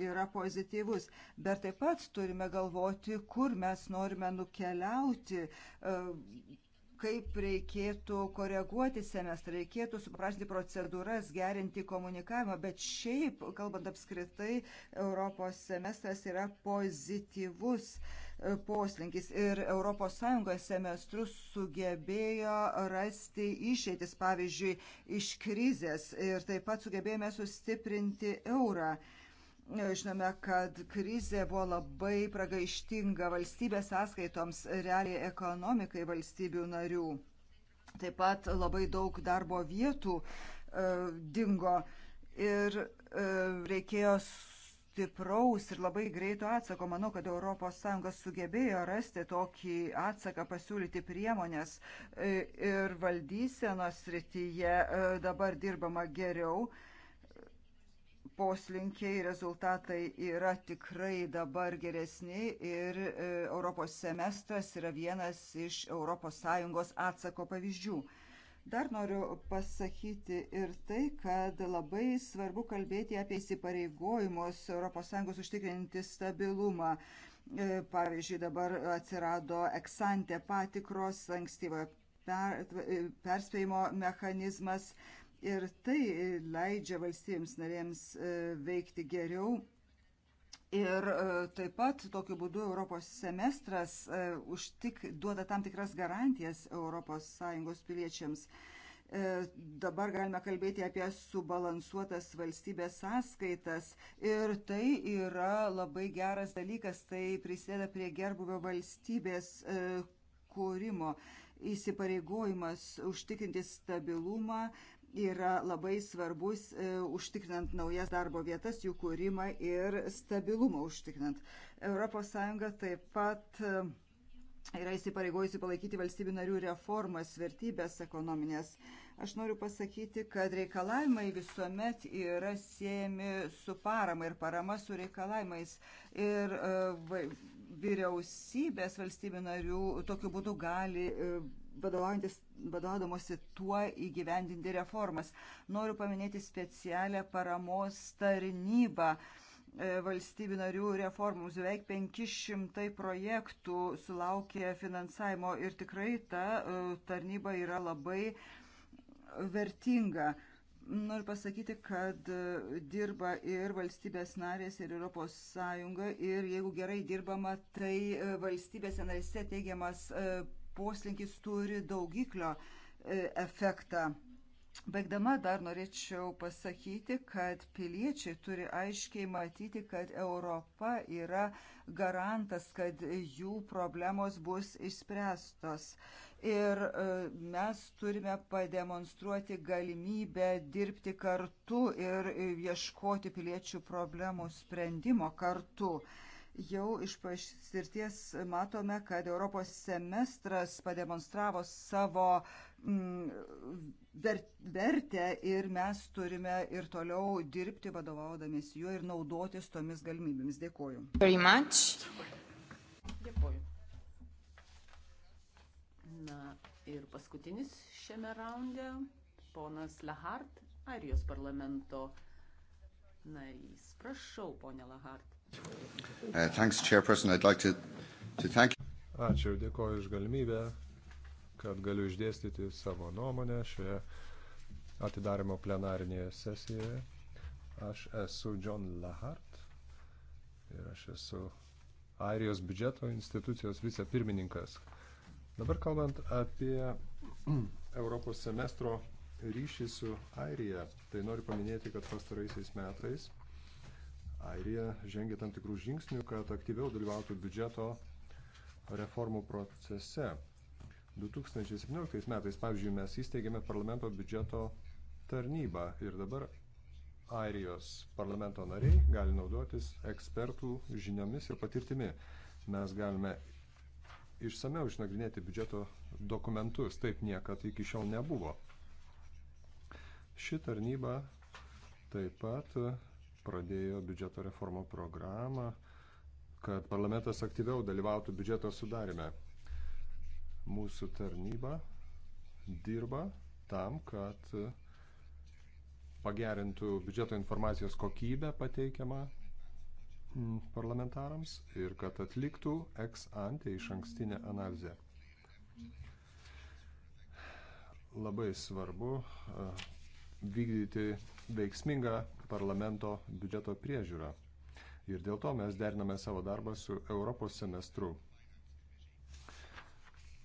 yra pozityvus, bet taip pat turime galvoti, kur mes norime nukeliauti e, kaip reikėtų koreguoti semestrą, reikėtų supaprastinti procedūras, gerinti komunikavimą, bet šiaip, kalbant apskritai, Europos semestras yra pozityvus e, poslinkis ir ES semestrus sugebėjo rasti išeitis, pavyzdžiui, iš krizės ir taip pat sugebėjome sustiprinti eurą. Žinome, kad krizė buvo labai pragaištinga valstybės sąskaitoms, realiai ekonomikai valstybių narių. Taip pat labai daug darbo vietų e, dingo ir e, reikėjo stipraus ir labai greito atsako. Manau, kad ES sugebėjo rasti tokį atsaką, pasiūlyti priemonės e, ir valdysenos srityje e, dabar dirbama geriau. E, poslinkiai, rezultatai yra tikrai dabar geresni ir e, Europos semestras yra vienas iš ES atsako pavyzdžių. Dar noriu pasakyti ir tai, kad labai svarbu kalbėti apie įsipareigojimus ES užtikrinti stabilumą. E, pavyzdžiui, dabar atsirado eksantė patikros, ankstyvojo per, e, perspėjimo mechanizmas, ir tai leidžia valstybėms narėms e, veikti geriau. Ir e, taip pat tokiu būdu Europos semestras e, užtik, duoda tam tikras garantijas ES piliečiams. Dabar galime kalbėti apie subalansuotas valstybės sąskaitas ir tai yra labai geras dalykas, tai prisėda prie gerbuvio valstybės kūrimo įsipareigojimas užtikrinti stabilumą, yra labai svarbus e, užtikrinant naujas darbo vietas, jų kūrimą ir stabilumą užtikrinant. ES taip pat e, yra įsipareigojusi palaikyti valstybių narių reformas, vertybės ekonominės. Aš noriu pasakyti, kad reikalavimai visuomet yra siejami su parama ir parama su reikalavimais. Ir e, vyriausybės valstybių narių tokiu būdu gali vadovaujantis, vadovaudamosi tuo įgyvendinti reformas. Noriu paminėti specialią paramos tarnybą e, valstybių narių reformoms. Beveik 500 projektų sulaukė finansavimo ir tikrai ta e, tarnyba yra labai vertinga. Noriu pasakyti, kad e, dirba ir valstybės narės, ir Europos Sąjunga, ir jeigu gerai dirbama, tai valstybėse narėse teigiamas poslinkis turi daugiklio e, efektą. Baigdama dar norėčiau pasakyti, kad piliečiai turi aiškiai matyti, kad Europa yra garantas, kad jų problemos bus išspręstos. Ir e, mes turime pademonstruoti galimybę dirbti kartu ir e, ieškoti piliečių problemų sprendimo kartu jau iš patirties matome, kad Europos semestras pademonstravo savo mm, vertę ir mes turime ir toliau dirbti vadovaudamis juo ir naudotis tomis galimybėmis. Dėkuoju. Dėkuoju. Na ir paskutinis šiame raunde, ponas Lahart, Arijos parlamento narys. Prašau, ponė Lahart. Uh, thanks, Chairperson. I'd like to, to thank you. Ačiū ir dėkoju už galimybę, kad galiu išdėstyti savo nuomonę šioje atidarimo plenarinėje sesijoje. Aš esu John Lahart ir aš esu Airijos biudžeto institucijos vicepirmininkas. Dabar kalbant apie Europos semestro ryšį su Airija, tai noriu paminėti, kad pastaraisiais metais Airija žengia tam tikrų žingsnių, kad aktyviau dalyvautų biudžeto reformų procese. 2017 metais, pavyzdžiui, mes įsteigėme parlamento biudžeto tarnybą ir dabar Airijos parlamento nariai gali naudotis ekspertų žiniomis ir patirtimi. Mes galime išsameu išnagrinėti biudžeto dokumentus, taip niekad iki šiol nebuvo. Ši tarnyba taip pat pradėjo biudžeto reformo programą, kad parlamentas aktyviau dalyvautų biudžeto sudarime. Mūsų tarnyba dirba tam, kad pagerintų biudžeto informacijos kokybę pateikiamą parlamentarams ir kad atliktų ex ante iš ankstinę analizę. Labai svarbu vykdyti veiksmingą parlamento biudžeto priežiūra. Ir dėl to mes deriname savo darbą su Europos semestru.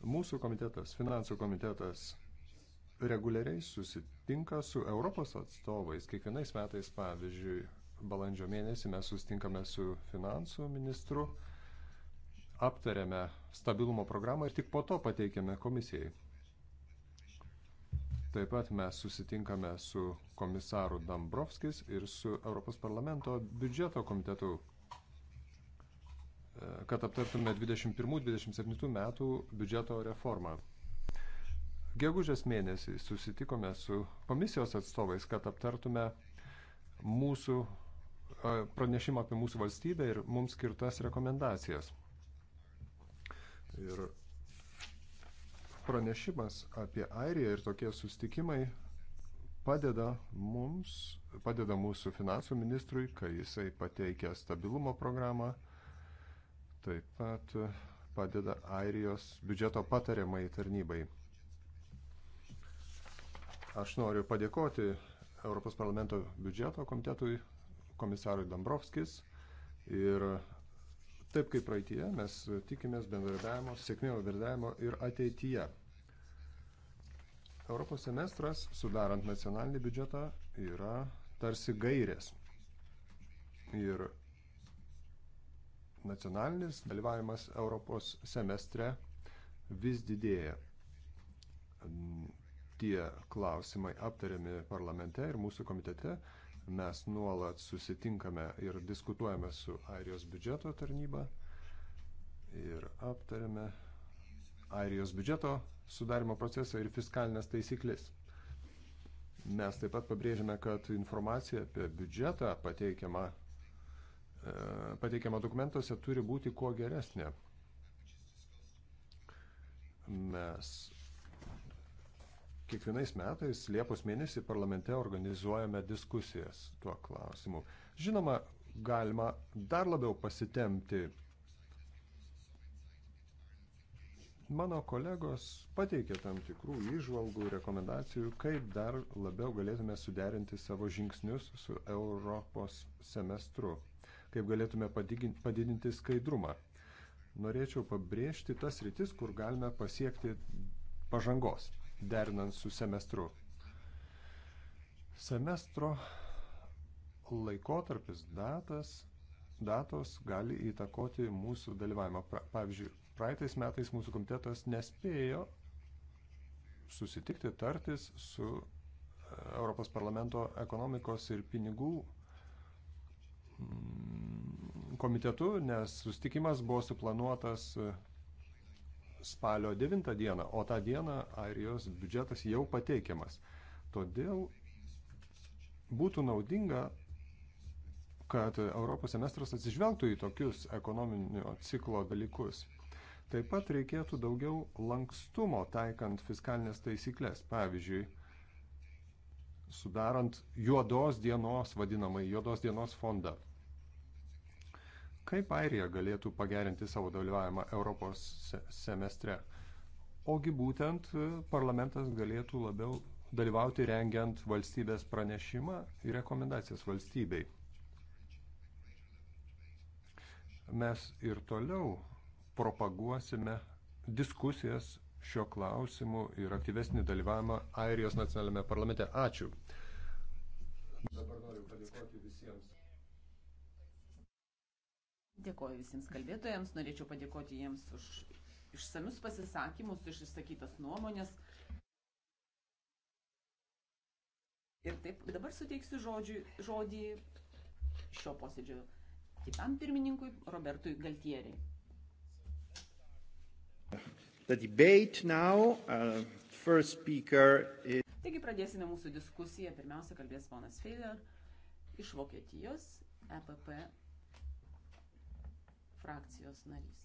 Mūsų komitetas, finansų komitetas, reguliariai susitinka su Europos atstovais. Kiekvienais metais, pavyzdžiui, balandžio mėnesį mes susitinkame su finansų ministru, aptariame stabilumo programą ir tik po to pateikiame komisijai. Taip pat mes susitinkame su komisaru Dambrovskis ir su Europos parlamento biudžeto komitetu, e, kad aptartume 21-27 metų biudžeto reformą. Gegužės mėnesį susitikome su komisijos atstovais, kad aptartume mūsų e, pranešimą apie mūsų valstybę ir mums skirtas rekomendacijas. Ir pranešimas apie Airiją ir tokie sustikimai padeda mums, padeda mūsų finansų ministrui, kai jisai pateikia stabilumo programą, taip pat padeda Airijos biudžeto patariamai tarnybai. Aš noriu padėkoti Europos parlamento biudžeto komitetui, komisarui Dombrovskis ir taip kaip praeitie mes tikimės bendradarbiavimo, sėkmingo bendradarbiavimo ir ateityje. Europos semestras, sudarant nacionalinį biudžetą, yra tarsi gairės. Ir nacionalinis dalyvavimas Europos semestre vis didėja. Tie klausimai aptariami parlamente ir mūsų komitete. Mes nuolat susitinkame ir diskutuojame su Airijos biudžeto tarnyba ir aptariame Airijos biudžeto sudarimo procesą ir fiskalinės taisyklės. Mes taip pat pabrėžiame, kad informacija apie biudžetą pateikiama, e, pateikiama dokumentuose turi būti kuo geresnė. Mes kiekvienais metais Liepos mėnesį parlamente organizuojame diskusijas tuo klausimu. Žinoma, galima dar labiau pasitemti Mano kolegos pateikė tam tikrų įžvalgų, rekomendacijų, kaip dar labiau galėtume suderinti savo žingsnius su Europos semestru, kaip galėtume padidinti skaidrumą. Norėčiau pabrėžti tas rytis, kur galime pasiekti pažangos, derinant su semestru. Semestro laikotarpis, datas, datos gali įtakoti mūsų dalyvavimą. Pavyzdžiui, praeitais metais mūsų komitetas nespėjo susitikti, tartis su e, Europos parlamento ekonomikos ir pinigų mm, komitetu, nes sustikimas buvo suplanuotas e, spalio 9 dieną, o tą dieną Airijos biudžetas jau pateikiamas. Todėl būtų naudinga, kad Europos semestras atsižvelgtų į tokius ekonominio ciklo dalykus. Taip pat reikėtų daugiau lankstumo taikant fiskalinės taisyklės. Pavyzdžiui, sudarant juodos dienos, vadinamai juodos dienos fondą. Kaip Airija galėtų pagerinti savo dalyvavimą Europos semestre? Ogi būtent e, parlamentas galėtų labiau dalyvauti rengiant valstybės pranešimą ir rekomendacijas valstybei. Mes ir toliau propaguosime diskusijas šio klausimu ir aktyvesnį dalyvavimą Airijos nacionalinėme parlamente. Ačiū. Dabar noriu padėkoti visiems. Dėkoju visiems kalbėtojams, norėčiau padėkoti jiems už išsamius pasisakymus, už išsakytas nuomonės. Ir taip, dabar suteiksiu žodžiu, žodį šio posėdžio kitam pirmininkui, Robertui Galtieriai. The debate now, uh, first speaker is... Taigi pradėsime mūsų diskusiją. Pirmiausia, kalbės ponas Feiler iš Vokietijos EPP frakcijos narys.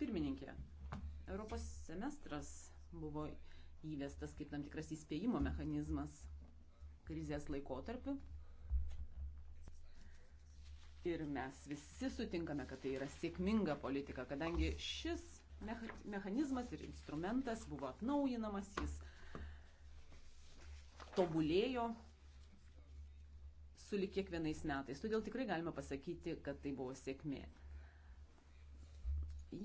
Pirmininkė, Europos semestras buvo įvestas kaip tam tikras įspėjimo mechanizmas krizės laikotarpiu Ir mes visi sutinkame, kad tai yra sėkminga politika, kadangi šis mechanizmas ir instrumentas buvo atnaujinamas, jis tobulėjo sulik kiekvienais metais. Todėl tikrai galima pasakyti, kad tai buvo sėkmė.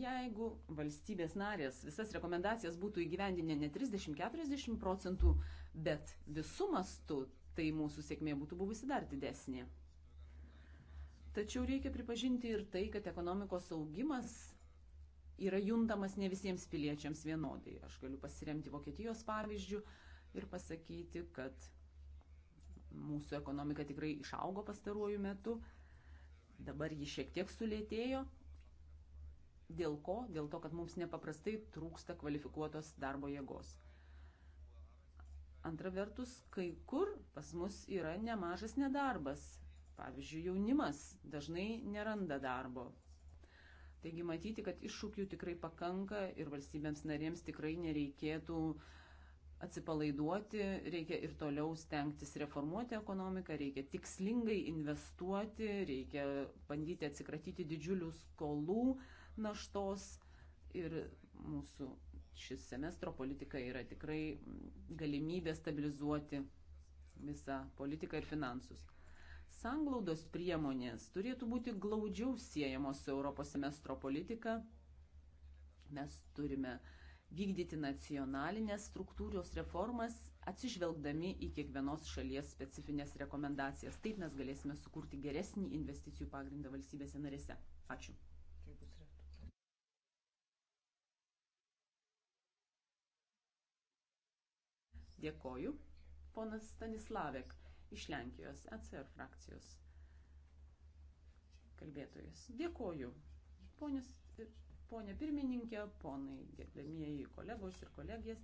Jeigu valstybės narės visas rekomendacijas būtų įgyvendinę ne 30-40 procentų, bet visų mastų, tai mūsų sėkmė būtų buvusi dar didesnė. Tačiau reikia pripažinti ir tai, kad ekonomikos augimas yra juntamas ne visiems piliečiams vienodai. Aš galiu pasiremti Vokietijos pavyzdžių ir pasakyti, kad mūsų ekonomika tikrai išaugo pastaruoju metu. Dabar ji šiek tiek sulėtėjo. Dėl ko? Dėl to, kad mums nepaprastai trūksta kvalifikuotos darbo jėgos. Antra vertus, kai kur pas mus yra nemažas nedarbas Pavyzdžiui, jaunimas dažnai neranda darbo. Taigi matyti, kad iššūkių tikrai pakanka ir valstybėms narėms tikrai nereikėtų atsipalaiduoti, reikia ir toliau stengtis reformuoti ekonomiką, reikia tikslingai investuoti, reikia bandyti atsikratyti didžiulių skolų naštos ir mūsų šis semestro politika yra tikrai galimybė stabilizuoti visą politiką ir finansus. Sanglaudos priemonės turėtų būti glaudžiau siejamos su Europos semestro politika. Mes turime vykdyti nacionalinės struktūros reformas, atsižvelgdami į kiekvienos šalies specifines rekomendacijas. Taip mes galėsime sukurti geresnį investicijų pagrindą valstybėse narėse. Ačiū. Dėkoju. Ponas Stanislavek iš Lenkijos ECR frakcijos kalbėtojus. Dėkoju. Ponius, ponė pirmininkė, ponai gerbėmieji kolegos ir kolegės,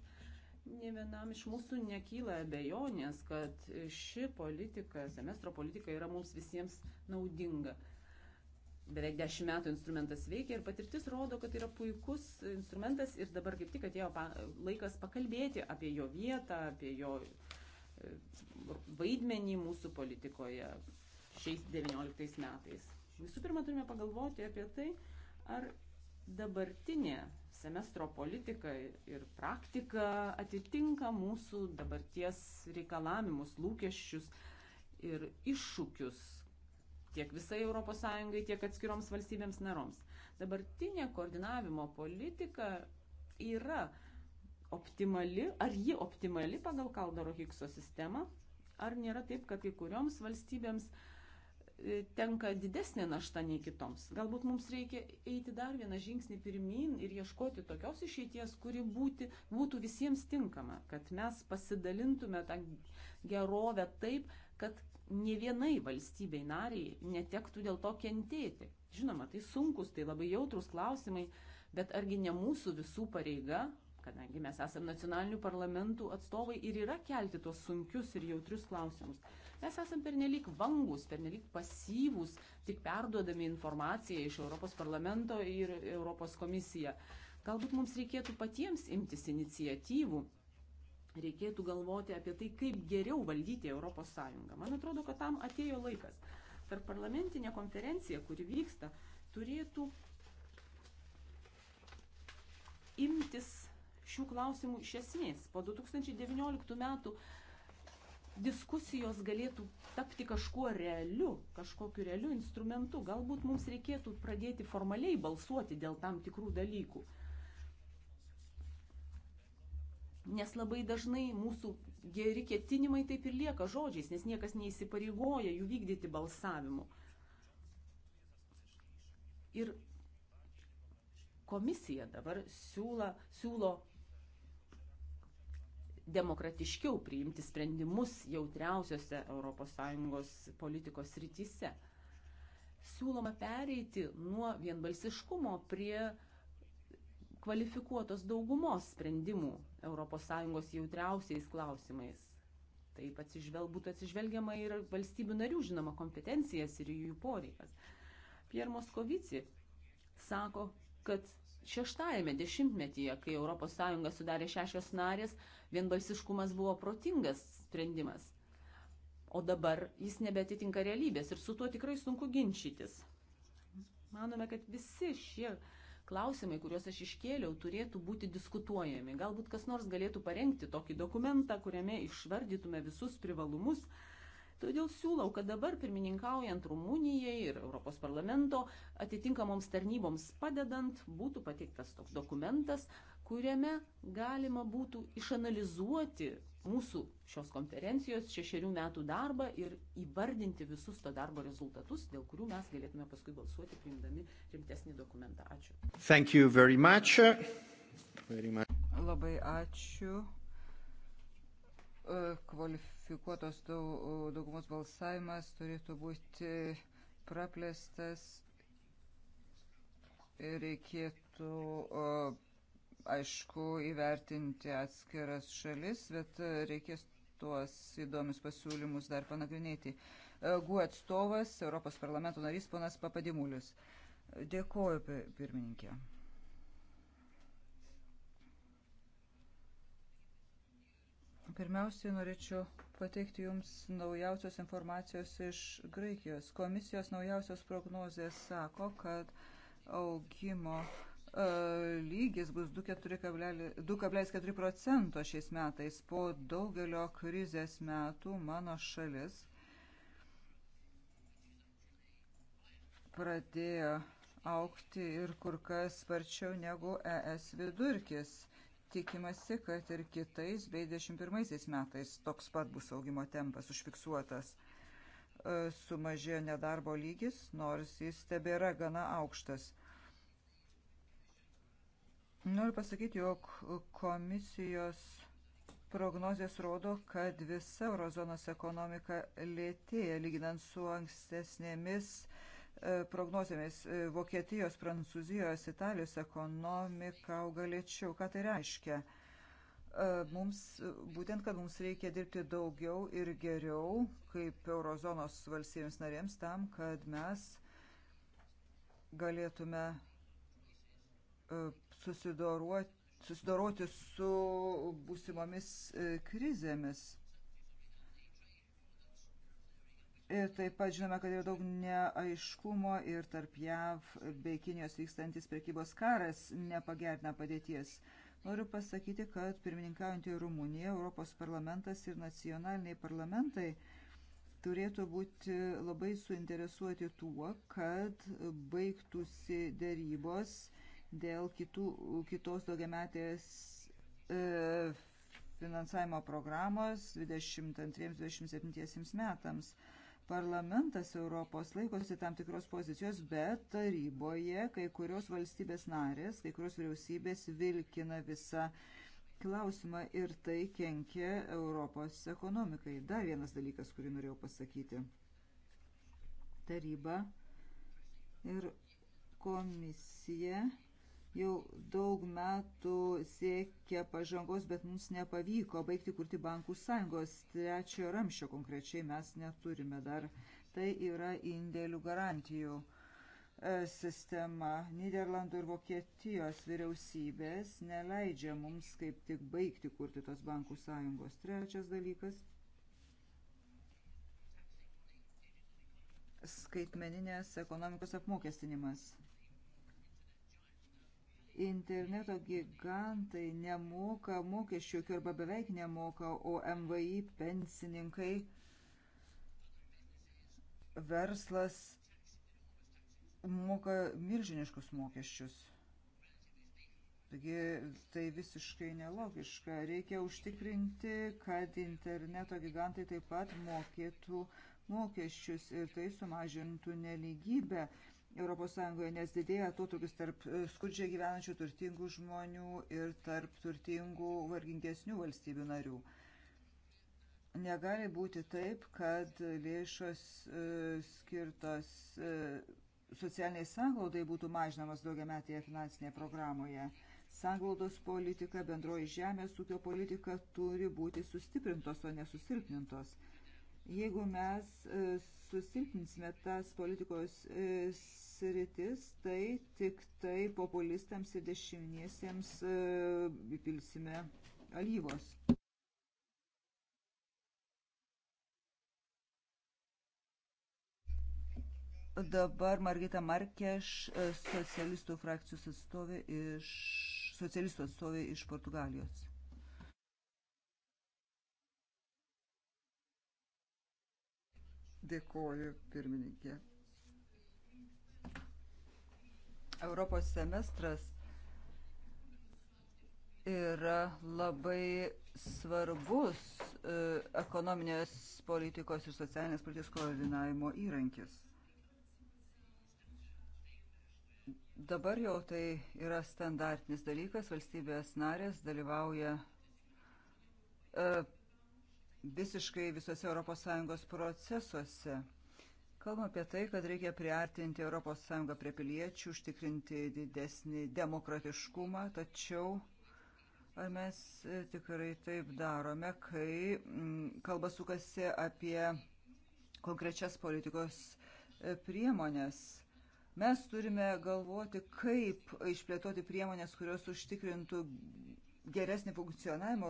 ne vienam iš mūsų nekyla abejonės, kad ši politika, semestro politika yra mums visiems naudinga. Beveik dešimt metų instrumentas veikia ir patirtis rodo, kad yra puikus instrumentas ir dabar kaip tik atėjo pa, laikas pakalbėti apie jo vietą, apie jo uh, vaidmenį mūsų politikoje šiais 19 metais. Visų pirma, turime pagalvoti apie tai, ar dabartinė semestro politika ir praktika atitinka mūsų dabarties reikalavimus, lūkesčius ir iššūkius tiek visai ES, tiek atskiroms valstybėms naroms. Dabartinė koordinavimo politika yra optimali, ar ji optimali pagal Kaldaro Higso sistemą, ar nėra taip, kad kai kurioms valstybėms e, tenka didesnė našta nei kitoms. Galbūt mums reikia eiti dar vieną žingsnį pirmin ir ieškoti tokios išeities, kuri būti, būtų visiems tinkama, kad mes pasidalintume tą gerovę taip, kad ne vienai valstybei nariai netektų dėl to kentėti. Žinoma, tai sunkus, tai labai jautrus klausimai, bet argi ne mūsų visų pareiga kadangi mes esame nacionalinių parlamentų atstovai ir yra kelti tuos sunkius ir jautrius klausimus. Mes esame pernelyg vangus, pernelyg pasyvūs, tik perduodami informaciją iš Europos parlamento ir Europos komisiją. Galbūt mums reikėtų patiems imtis iniciatyvų, reikėtų galvoti apie tai, kaip geriau valdyti Europos Sąjungą. Man atrodo, kad tam atėjo laikas. Per parlamentinę konferenciją, kuri vyksta, turėtų imtis šių klausimų iš esmės. Po 2019 metų diskusijos galėtų tapti kažkuo realiu, kažkokiu realiu instrumentu. Galbūt mums reikėtų pradėti formaliai balsuoti dėl tam tikrų dalykų. Nes labai dažnai mūsų geri ketinimai taip ir lieka žodžiais, nes niekas neįsipareigoja jų vykdyti balsavimu. Ir komisija dabar siūla, siūlo demokratiškiau priimti sprendimus jautriausiose ES politikos rytise. Siūloma pereiti nuo vienbalsiškumo prie kvalifikuotos daugumos sprendimų ES jautriausiais klausimais. Taip atsižvel, būtų atsižvelgiama ir valstybių narių žinoma kompetencijas ir jų poreikas. Pierre Moskovici sako, kad šeštajame dešimtmetyje, kai ES sudarė šešios narės, vienbalsiškumas buvo protingas sprendimas. O dabar jis nebetitinka realybės ir su tuo tikrai sunku ginčytis. Manome, kad visi šie klausimai, kuriuos aš iškėliau, turėtų būti diskutuojami. Galbūt kas nors galėtų parengti tokį dokumentą, kuriame išvardytume visus privalumus, uh, Todėl siūlau, kad dabar pirmininkaujant Rumunijai ir Europos parlamento atitinkamoms tarnyboms padedant būtų pateiktas toks dokumentas, kuriame galima būtų išanalizuoti mūsų šios konferencijos šešerių metų darbą ir įvardinti visus to darbo rezultatus, dėl kurių mes galėtume paskui balsuoti, priimdami rimtesnį dokumentą. Ačiū. Very much. Very much. Labai ačiū. E, kvalifikuotos daugumos balsavimas turėtų būti praplėstas. Reikėtų, aišku, įvertinti atskiras šalis, bet reikės tuos įdomius pasiūlymus dar panagrinėti. E, GU atstovas, Europos parlamento narys, ponas Papadimulis. Dėkuoju, pirmininkė. Pirmiausiai norėčiau pateikti Jums naujausios informacijos iš Graikijos. Komisijos naujausios prognozės sako, kad augimo e, lygis bus 2,4 procento šiais metais. Po daugelio krizės metų mano šalis pradėjo aukti ir kur kas sparčiau negu ES vidurkis tikimasi, kad ir kitais bei 21 metais toks pat bus augimo tempas užfiksuotas. E, sumažėjo nedarbo lygis, nors jis tebėra gana aukštas. Noriu pasakyti, jog komisijos prognozijas rodo, kad visa eurozonos ekonomika lėtėja, lyginant su ankstesnėmis E, prognozėmis e, Vokietijos, Prancūzijos, Italijos ekonomika auga lėčiau. Ką tai reiškia? E, mums, būtent, kad mums reikia dirbti daugiau ir geriau kaip eurozonos valstybėms narėms tam, kad mes galėtume susidoroti, susidoroti su būsimomis krizėmis. Ir taip pat žinome, kad yra daug neaiškumo ir tarp JAV bei Kinijos vykstantis prekybos karas nepagerina padėties. Noriu pasakyti, kad pirmininkaujantį Rumuniją Europos parlamentas ir nacionaliniai parlamentai turėtų būti labai suinteresuoti tuo, kad baigtųsi dėrybos dėl kitų, kitos daugiametės e, finansavimo programos 22-27 metams. Parlamentas Europos laikosi tam tikros pozicijos, bet taryboje kai kurios valstybės narės, kai kurios vyriausybės vilkina visą klausimą ir tai kenkia Europos ekonomikai. Dar vienas dalykas, kurį norėjau pasakyti. Taryba ir komisija jau daug metų siekia pažangos, bet mums nepavyko baigti kurti bankų sąjungos. Trečiojo ramščio konkrečiai mes neturime dar. Tai yra indėlių garantijų e, sistema. Niderlandų ir Vokietijos vyriausybės neleidžia mums kaip tik baigti kurti tos bankų sąjungos. Trečias dalykas - skaitmeninės ekonomikos apmokestinimas interneto gigantai nemoka mokesčių, arba beveik nemoka, o MVI pensininkai verslas moka milžiniškus mokesčius. Taigi tai visiškai nelogiška. Reikia užtikrinti, kad interneto gigantai taip pat mokėtų mokesčius ir tai sumažintų neligybę ES, nes didėja atotrukis tarp e, skurdžiai gyvenančių turtingų žmonių ir tarp turtingų vargingesnių valstybių narių. Negali būti taip, kad lėšos e, skirtos e, socialiniai sanglaudai būtų mažinamas daugiametėje finansinėje programoje. Sanglaudos politika, bendroji žemės ūkio politika turi būti sustiprintos, o nesusilpnintos. Jeigu mes e, susilpinsime tas politikos e, sritis, tai tik tai populistams ir dešiniesiems e, įpilsime alyvos. Dabar Margita Markeš, socialistų frakcijos atstovė iš, socialistų atstovė iš Portugalijos. Dėkoju, pirmininkė. Europos semestras yra labai svarbus e, ekonominės politikos ir socialinės politikos koordinavimo įrankis. Dabar jau tai yra standartinis dalykas, valstybės narės dalyvauja e, visiškai visose ES procesuose. Kalbam apie tai, kad reikia priartinti ES prie piliečių, užtikrinti didesnį demokratiškumą, tačiau ar mes e, tikrai taip darome, kai kalba sukasi apie konkrečias politikos e, priemonės. Mes turime galvoti, kaip išplėtoti priemonės, kurios užtikrintų geresnį funkcionavimą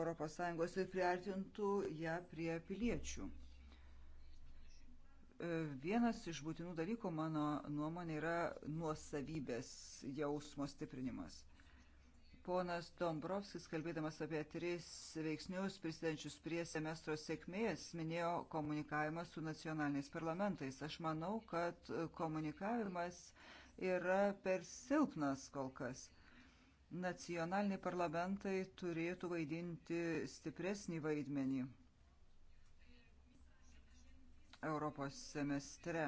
ES ir priartintų ją prie piliečių. E, vienas iš būtinų dalykų mano nuomonė yra nuosavybės jausmo stiprinimas. Ponas Dombrovskis, kalbėdamas apie tris veiksnius prisidenčius prie semestro sėkmės, minėjo komunikavimą su nacionaliniais parlamentais. Aš manau, kad komunikavimas yra per silpnas kol kas nacionaliniai parlamentai turėtų vaidinti stipresnį vaidmenį Europos semestre.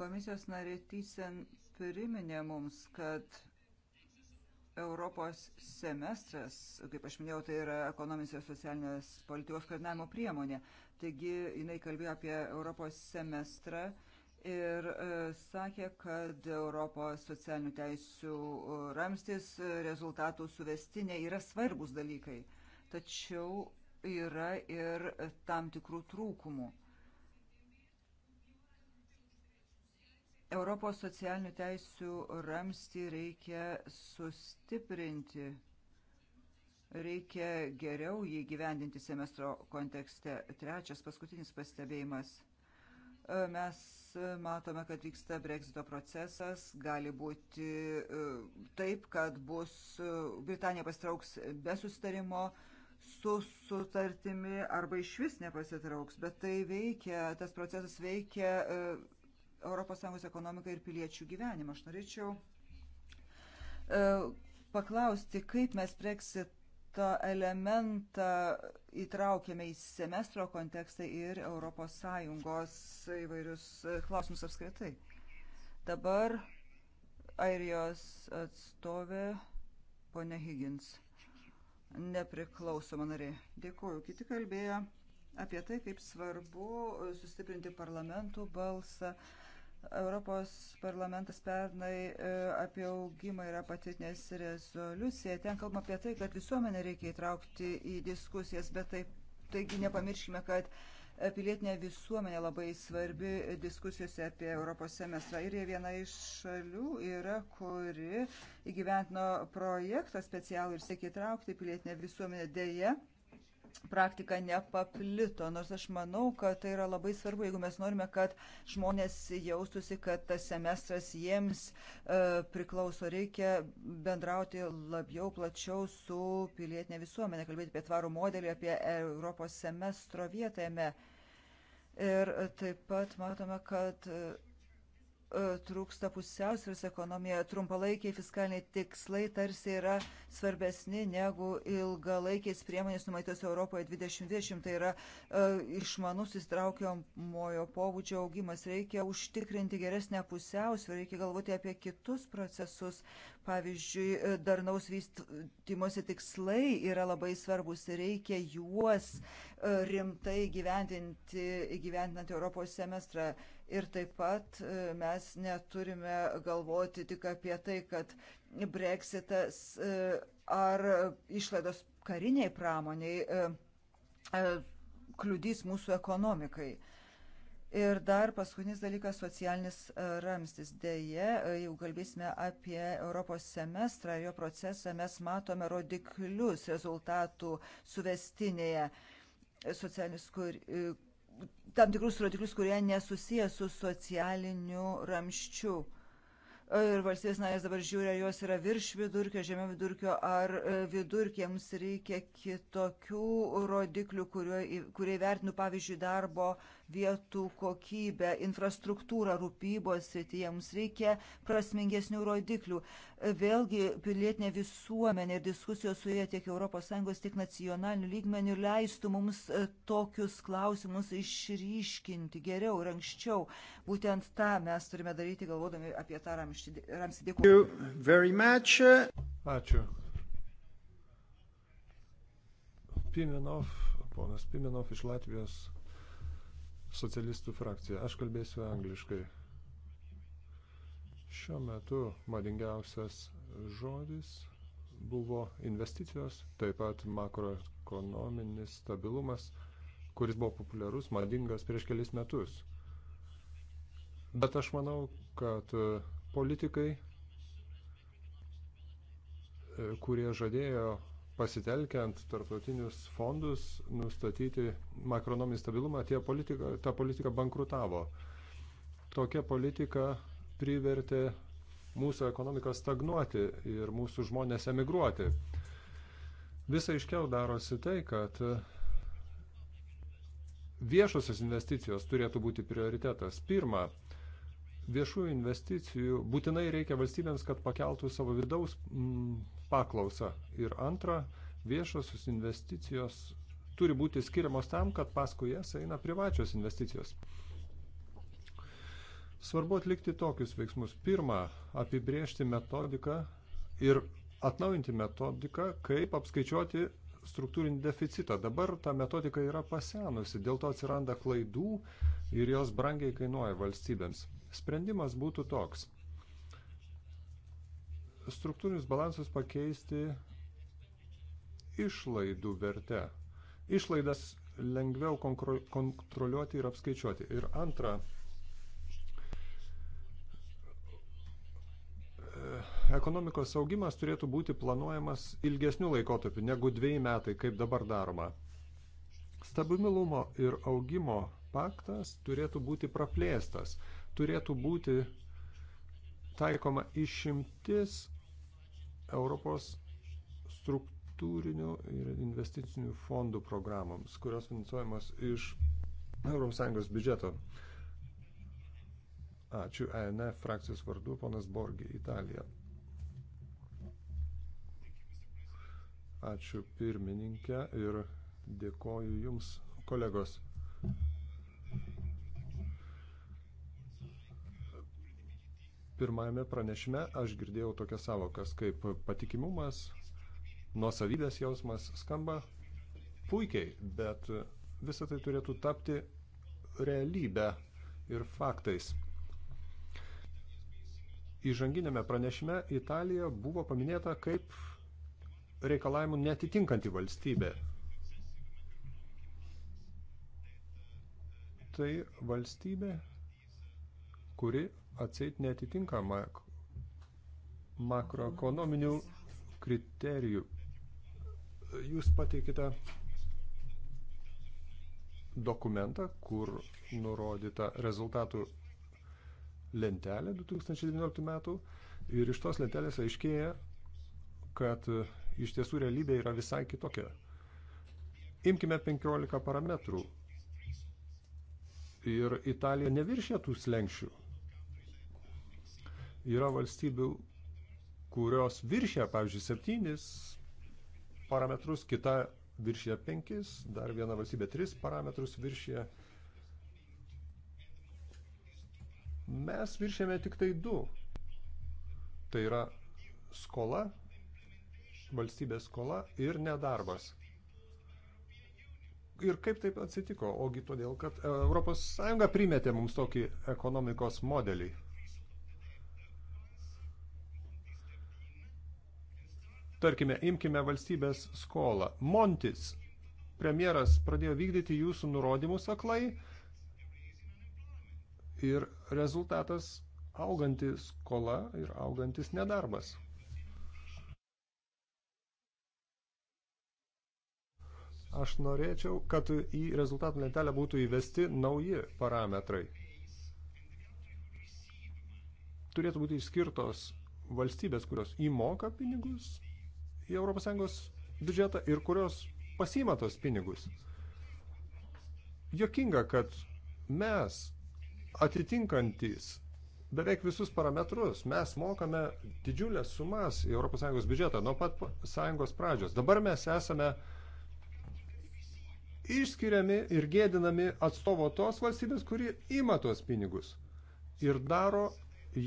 Komisijos narė Tysen priminė mums, kad Europos semestras, kaip aš minėjau, tai yra ekonominės ir socialinės politikos koordinavimo priemonė. Taigi jinai kalbėjo apie Europos semestrą ir e, sakė, kad Europos socialinių teisių e, ramstis e, rezultatų suvestinė yra svarbus dalykai, tačiau yra ir tam tikrų trūkumų. Europos socialinių teisių ramstį reikia sustiprinti, reikia geriau jį gyvendinti semestro kontekste. Trečias, paskutinis pastebėjimas. Mes matome, kad vyksta Brexito procesas, gali būti e, taip, kad bus e, Britanija pastrauks be sustarimo su sutartimi arba iš vis nepasitrauks, bet tai veikia, tas procesas veikia ES ekonomiką ir piliečių gyvenimą. Aš norėčiau e, paklausti, kaip mes Brexit tą elementą įtraukėme į semestro kontekstą ir ES įvairius klausimus apskritai. Dabar Airijos atstovė ponė Higgins, nepriklausoma narė. Dėkuoju, kiti kalbėjo apie tai, kaip svarbu sustiprinti parlamentų balsą, Europos parlamentas pernai e, apie augimą yra patvirtinęs rezoliuciją. Ten kalbama apie tai, kad visuomenę reikia įtraukti į diskusijas, bet taip, taigi nepamirškime, kad pilietinė visuomenė labai svarbi diskusijose apie Europos semestrą. Ir jie viena iš šalių yra, kuri įgyventino projektą specialų ir siekia įtraukti pilietinę visuomenę. Deja, praktika nepaplito, nors aš manau, kad tai yra labai svarbu, jeigu mes norime, kad žmonės jaustųsi, kad tas semestras jiems e, priklauso, reikia bendrauti labiau, plačiau su pilietinė visuomenė, kalbėti apie tvarų modelį, apie Europos semestro vietą jame. Ir taip pat matome, kad e, E, trūksta pusiausvėros ekonomija, trumpalaikiai fiskaliniai tikslai tarsi yra svarbesni negu ilgalaikiais priemonės numatytos Europoje 2020. Tai yra e, išmanus įstraukiamojo pobūdžio augimas. Reikia užtikrinti geresnę pusiausvėrą, reikia galvoti apie kitus procesus. Pavyzdžiui, e, darnaus vystimosi tikslai yra labai svarbus ir reikia juos e, rimtai gyventinti, gyventinant Europos semestrą Ir taip pat e, mes neturime galvoti tik apie tai, kad breksitas e, ar išlaidos kariniai pramoniai e, kliudys mūsų ekonomikai. Ir dar paskutinis dalykas - socialinis ramstis. Deja, jau kalbėsime apie Europos semestrą, jo procesą, mes matome rodiklius rezultatų suvestinėje. Socialinis kur, tam tikrus rodiklius, kurie nesusiję su socialiniu ramščiu. Ir valstybės narės dabar žiūri, ar jos yra virš vidurkio, žemė vidurkio, ar e, vidurkė. Mums reikia kitokių rodiklių, kurie vertinu, pavyzdžiui, darbo vietų kokybę, infrastruktūrą rūpybos srityje. Mums reikia prasmingesnių rodiklių. Vėlgi pilietinė visuomenė ir diskusijos su jie tiek ES, tiek nacionaliniu lygmeniu leistų mums e, tokius klausimus išryškinti geriau ir anksčiau. Būtent tą mes turime daryti, galvodami apie tą ramštį. Dėkuoju. Ačiū. Pimenov, ponas Pimenov iš Latvijos socialistų frakcija. Aš kalbėsiu angliškai. Šiuo metu madingiausias žodis buvo investicijos, taip pat makroekonominis stabilumas, kuris buvo populiarus, madingas prieš kelis metus. Bet aš manau, kad e, politikai, e, kurie žadėjo pasitelkiant tarptautinius fondus, nustatyti makronominį stabilumą, politika, ta politika bankrutavo. Tokia politika privertė mūsų ekonomiką stagnuoti ir mūsų žmonės emigruoti. Visai iškiau darosi tai, kad viešosios investicijos turėtų būti prioritetas. Pirma, viešųjų investicijų būtinai reikia valstybėms, kad pakeltų savo vidaus mm, paklausą. Ir antra, viešosios investicijos turi būti skiriamos tam, kad paskui jas eina privačios investicijos. Svarbu atlikti tokius veiksmus. Pirma, apibriežti metodiką ir atnaujinti metodiką, kaip apskaičiuoti struktūrinį deficitą. Dabar ta metodika yra pasenusi, dėl to atsiranda klaidų ir jos brangiai kainuoja valstybėms. Sprendimas būtų toks struktūrinius balansus pakeisti išlaidų verte. Išlaidas lengviau kontroliuoti ir apskaičiuoti. Ir antra, e, ekonomikos augimas turėtų būti planuojamas ilgesnių laikotarpių negu dviejai metai, kaip dabar daroma. Stabilumo ir augimo paktas turėtų būti praplėstas, turėtų būti taikoma išimtis Europos struktūrinių ir investicinių fondų programoms, kurios finansuojamos iš ES biudžeto. Ačiū ENF frakcijos vardu, ponas Borgi, Italija. Ačiū pirmininkė ir dėkoju Jums, kolegos. pirmajame pranešime aš girdėjau tokias savokas kaip patikimumas, nuosavybės jausmas skamba puikiai, bet visą tai turėtų tapti realybę ir faktais. Įžanginėme pranešime Italija buvo paminėta kaip reikalavimų netitinkanti valstybė. Tai valstybė, kuri atseit netitinka mak makroekonominių kriterijų. Jūs pateikite dokumentą, kur nurodyta rezultatų lentelė 2019 metų ir iš tos lentelės aiškėja, kad iš tiesų realybė yra visai kitokia. Imkime 15 parametrų ir Italija neviršė tų slengščių. Yra valstybių, kurios viršia, pavyzdžiui, septynis parametrus, kita viršia penkis, dar viena valstybė tris parametrus viršia. Mes viršėme tik tai du. Tai yra skola, valstybės skola ir nedarbas. Ir kaip taip atsitiko? Ogi todėl, kad ES primetė mums tokį ekonomikos modelį. Tarkime, imkime valstybės skolą. Montis, premjeras pradėjo vykdyti jūsų nurodymus aklai ir rezultatas auganti skola ir augantis nedarbas. Aš norėčiau, kad į rezultatų lentelę būtų įvesti nauji parametrai. Turėtų būti išskirtos valstybės, kurios įmoka pinigus į ES biudžetą ir kurios pasima tos pinigus. Jokinga, kad mes atitinkantys beveik visus parametrus mes mokame didžiulės sumas į ES biudžetą nuo pat sąjungos pradžios. Dabar mes esame išskiriami ir gėdinami atstovo tos valstybės, kuri ima tuos pinigus. Ir daro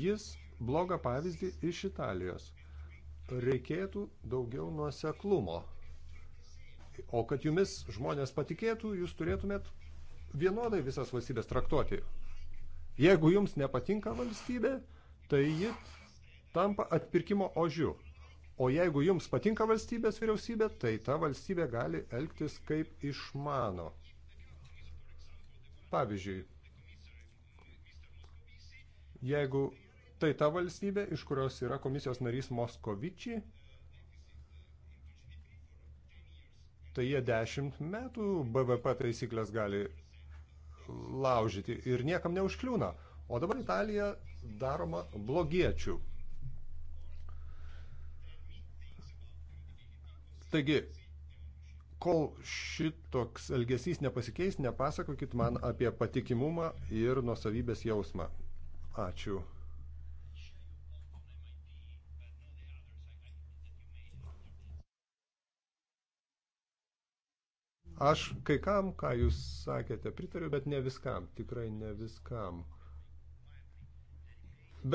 jis blogą pavyzdį iš Italijos reikėtų daugiau nuoseklumo. O kad jumis žmonės patikėtų, jūs turėtumėt vienodai visas valstybės traktuoti. Jeigu jums nepatinka valstybė, tai ji tampa atpirkimo ožiu. O jeigu jums patinka valstybės vyriausybė, tai ta valstybė gali elgtis kaip išmano. Pavyzdžiui, jeigu Tai ta valstybė, iš kurios yra komisijos narys Moskovičiai, tai jie dešimt metų BVP taisyklės gali laužyti ir niekam neužkliūna. O dabar Italija daroma blogiečių. Taigi, kol šitoks elgesys nepasikeis, nepasakokit man apie patikimumą ir nuosavybės jausmą. Ačiū. Aš kai kam, ką jūs sakėte, pritariu, bet ne viskam, tikrai ne viskam.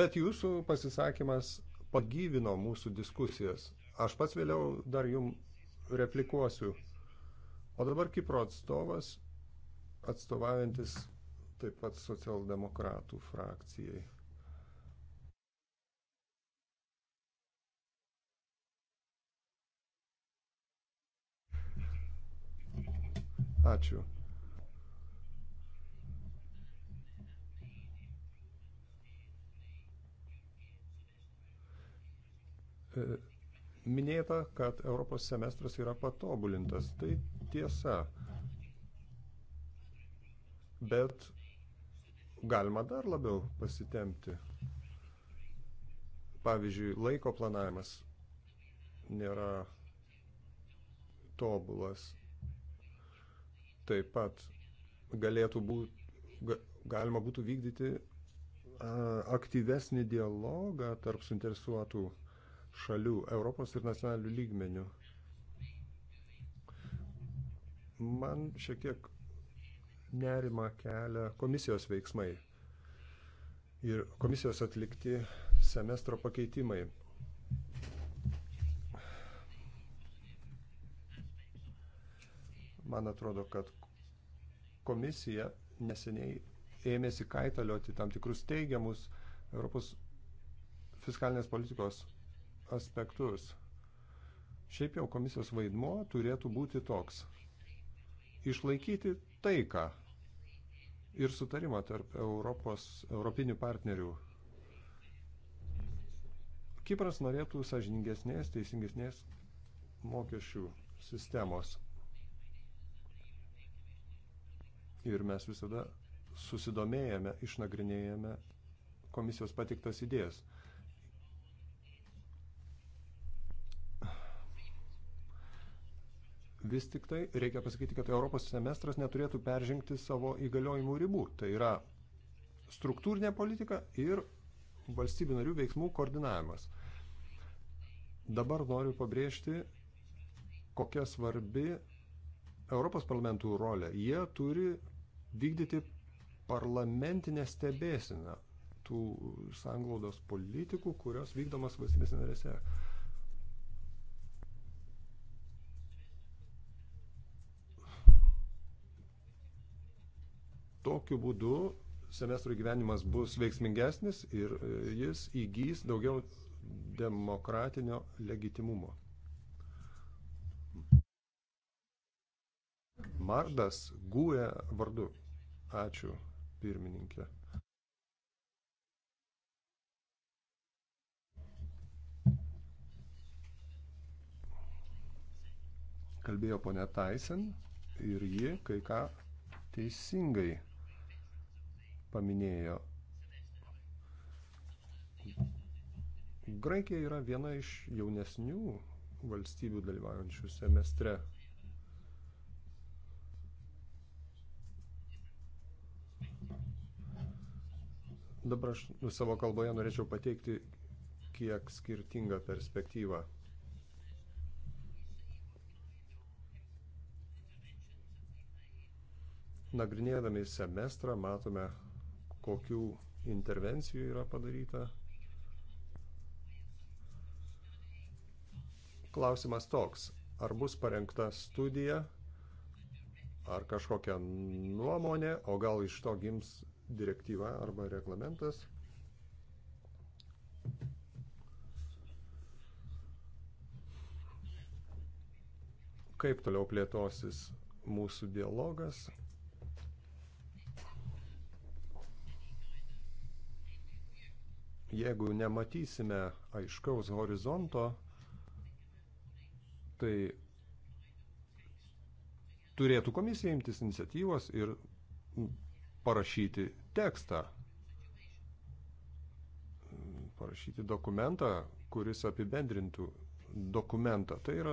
Bet jūsų pasisakymas pagyvino mūsų diskusijas. Aš pats vėliau dar jum replikuosiu. O dabar Kipro atstovas, atstovaujantis taip pat socialdemokratų frakcijai. Ačiū. E, minėta, kad Europos semestras yra patobulintas. Tai tiesa. Bet galima dar labiau pasitemti. Pavyzdžiui, laiko planavimas nėra tobulas taip pat galėtų būti, galima būtų vykdyti aktyvesnį dialogą tarp suinteresuotų šalių Europos ir nacionalinių lygmenių. Man šiek tiek nerima kelia komisijos veiksmai ir komisijos atlikti semestro pakeitimai. Man atrodo, kad komisija neseniai ėmėsi kaitalioti tam tikrus teigiamus Europos fiskalinės politikos aspektus. Šiaip jau komisijos vaidmo turėtų būti toks. Išlaikyti taiką ir sutarimą tarp Europos, europinių partnerių. Kipras norėtų sažiningesnės, teisingesnės mokesčių sistemos. Ir mes visada susidomėjame, išnagrinėjame komisijos patiktas idėjas. Vis tik tai reikia pasakyti, kad Europos semestras neturėtų peržengti savo įgaliojimų ribų. Tai yra struktūrinė politika ir valstybių narių veiksmų koordinavimas. Dabar noriu pabrėžti, kokia svarbi Europos parlamentų rolė. Jie turi vykdyti parlamentinę stebėsiną tų sanglaudos politikų, kurios vykdomas valstybės narėse. Tokiu būdu semestrų gyvenimas bus veiksmingesnis ir e, jis įgys daugiau demokratinio legitimumo. Mardas Gūė vardu. Ačiū, pirmininkė. Kalbėjo ponia Taisen ir ji kai ką teisingai paminėjo. Graikija yra viena iš jaunesnių valstybių dalyvaujančių semestre Dabar aš nu, savo kalboje norėčiau pateikti kiek skirtingą perspektyvą. Nagrinėdami semestrą matome, kokių intervencijų yra padaryta. Klausimas toks, ar bus parengta studija, ar kažkokia nuomonė, o gal iš to gims direktyva arba reglamentas. Kaip toliau plėtosis mūsų dialogas? Jeigu nematysime aiškaus horizonto, tai turėtų komisija imtis iniciatyvos ir parašyti tekstą, parašyti dokumentą, kuris apibendrintų dokumentą. Tai yra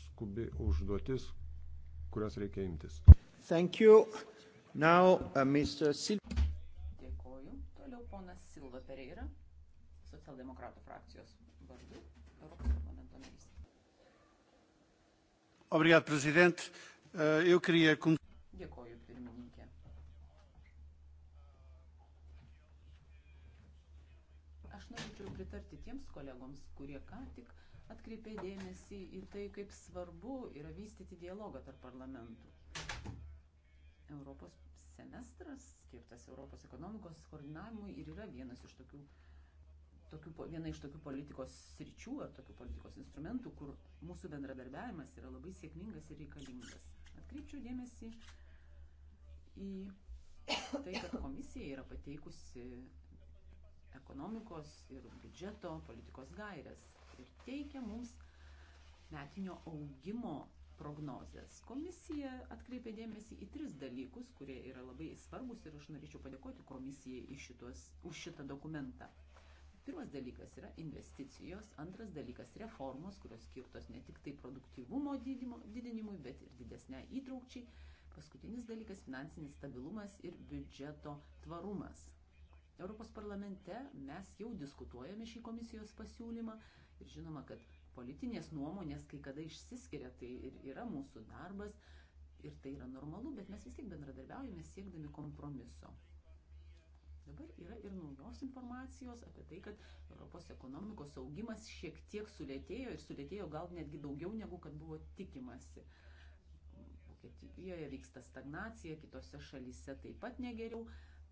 skubi užduotis, kurias reikia imtis. Thank you. Now, uh, Mr. Sil Dėkoju. Toliau ponas Silva Pereira, socialdemokratų frakcijos vardu, Europos parlamento narys. Obrigado, prezident. Uh, eu queria... Dėkoju, norėčiau pritarti tiems kolegoms, kurie ką tik atkreipė dėmesį į tai, kaip svarbu yra vystyti dialogą tarp parlamentų. Europos semestras, skirtas Europos ekonomikos koordinavimui, ir yra vienas iš tokių, tokių, viena iš tokių politikos sričių ar tokių politikos instrumentų, kur mūsų bendradarbiavimas yra labai sėkmingas ir reikalingas. Atkreipčiau dėmesį į tai, kad komisija yra pateikusi ekonomikos ir biudžeto politikos gairias ir teikia mums metinio augimo prognozes. Komisija atkreipė dėmesį į tris dalykus, kurie yra labai svarbus ir aš norėčiau padėkoti komisijai šitos, už šitą dokumentą. Pirmas dalykas yra investicijos, antras dalykas reformos, kurios skirtos ne tik tai produktyvumo didinimui, bet ir didesnė įtraukčiai. Paskutinis dalykas - finansinis stabilumas ir biudžeto tvarumas. Europos parlamente mes jau diskutuojame šį komisijos pasiūlymą ir žinoma, kad politinės nuomonės kai kada išsiskiria, tai ir yra mūsų darbas ir tai yra normalu, bet mes vis tiek bendradarbiaujame siekdami kompromiso. Dabar yra ir naujos informacijos apie tai, kad Europos ekonomikos augimas šiek tiek sulėtėjo ir sulėtėjo gal netgi daugiau negu kad buvo tikimasi. Vokietijoje vyksta stagnacija, kitose šalyse taip pat negeriau.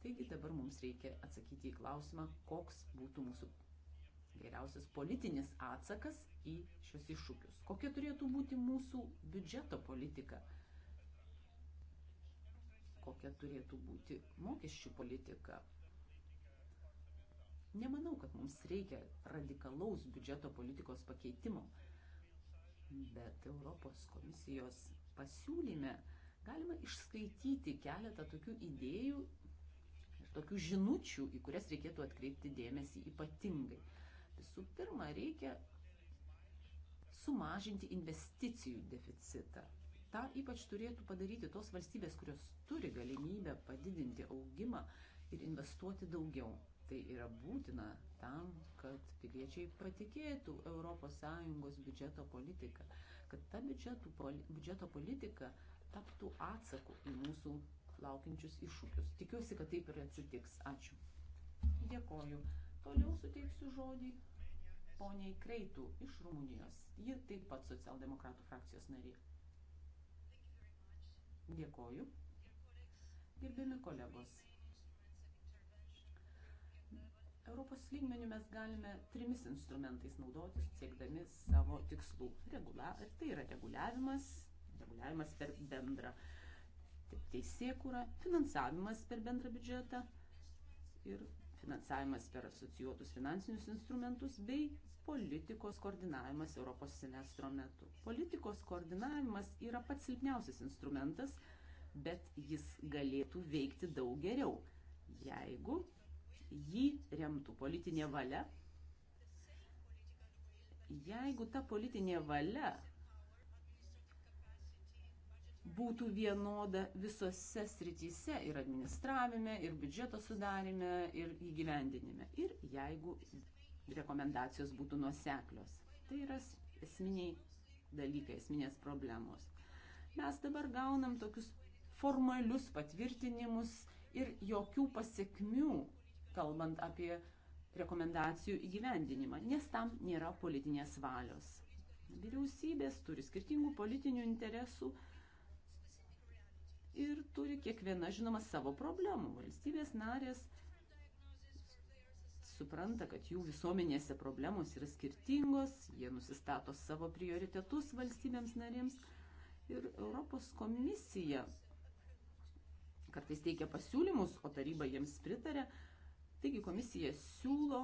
Taigi dabar mums reikia atsakyti į klausimą, koks būtų mūsų geriausias politinis atsakas į šios iššūkius. Kokia turėtų būti mūsų biudžeto politika, kokia turėtų būti mokesčių politika. Nemanau, kad mums reikia radikalaus biudžeto politikos pakeitimo, bet Europos komisijos pasiūlyme galima išskaityti keletą tokių idėjų tokių žinučių, į kurias reikėtų atkreipti dėmesį ypatingai. Visų pirma, reikia sumažinti investicijų deficitą. Ta ypač turėtų padaryti tos valstybės, kurios turi galimybę padidinti augimą ir investuoti daugiau. Tai yra būtina tam, kad piliečiai patikėtų ES biudžeto politiką, kad ta biudžeto politika taptų atsaku į mūsų laukiančius iššūkius. Tikiuosi, kad taip ir atsitiks. Ačiū. Dėkoju. Toliau suteiksiu žodį poniai Kreitų iš Rumunijos. Ji taip pat socialdemokratų frakcijos narė. Dėkoju. Gerbiami kolegos. Europos lygmenių mes galime trimis instrumentais naudotis, siekdami savo tikslų. Regula, tai yra reguliavimas, reguliavimas per bendrą uh, teisėkūra, finansavimas per bendrą biudžetą ir finansavimas per asocijuotus finansinius instrumentus bei politikos koordinavimas Europos semestro metu. Politikos koordinavimas yra pats silpniausias instrumentas, bet jis galėtų veikti daug geriau, jeigu jį remtų politinė valia, jeigu ta politinė valia būtų vienoda visose srityse ir administravime, ir biudžeto sudarime, ir įgyvendinime. Ir jeigu rekomendacijos būtų nuoseklios. Tai yra esminiai dalykai, esminės problemos. Mes dabar gaunam tokius formalius patvirtinimus ir jokių pasiekmių, kalbant apie rekomendacijų įgyvendinimą, nes tam nėra politinės valios. Vyriausybės turi skirtingų politinių interesų, ir turi kiekviena, žinoma, savo problemų. Valstybės narės supranta, kad jų visuomenėse problemos yra skirtingos, jie nusistato savo prioritetus valstybėms narėms ir Europos komisija kartais teikia pasiūlymus, o taryba jiems pritarė. Taigi komisija siūlo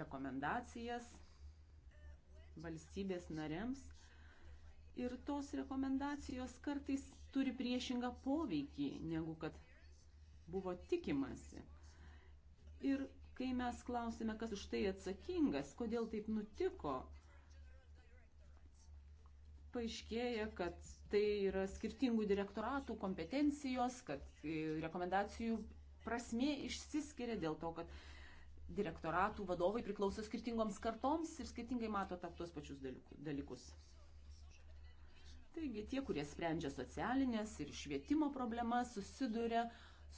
rekomendacijas valstybės narėms ir tos rekomendacijos kartais turi priešingą poveikį, negu kad buvo tikimasi. Ir kai mes klausime, kas už tai atsakingas, kodėl taip nutiko, paaiškėja, kad tai yra skirtingų direktoratų kompetencijos, kad e, rekomendacijų prasmė išsiskiria dėl to, kad direktoratų vadovai priklauso skirtingoms kartoms ir skirtingai mato tuos pačius dalykus. Taigi tie, kurie sprendžia socialinės ir švietimo problemas, susiduria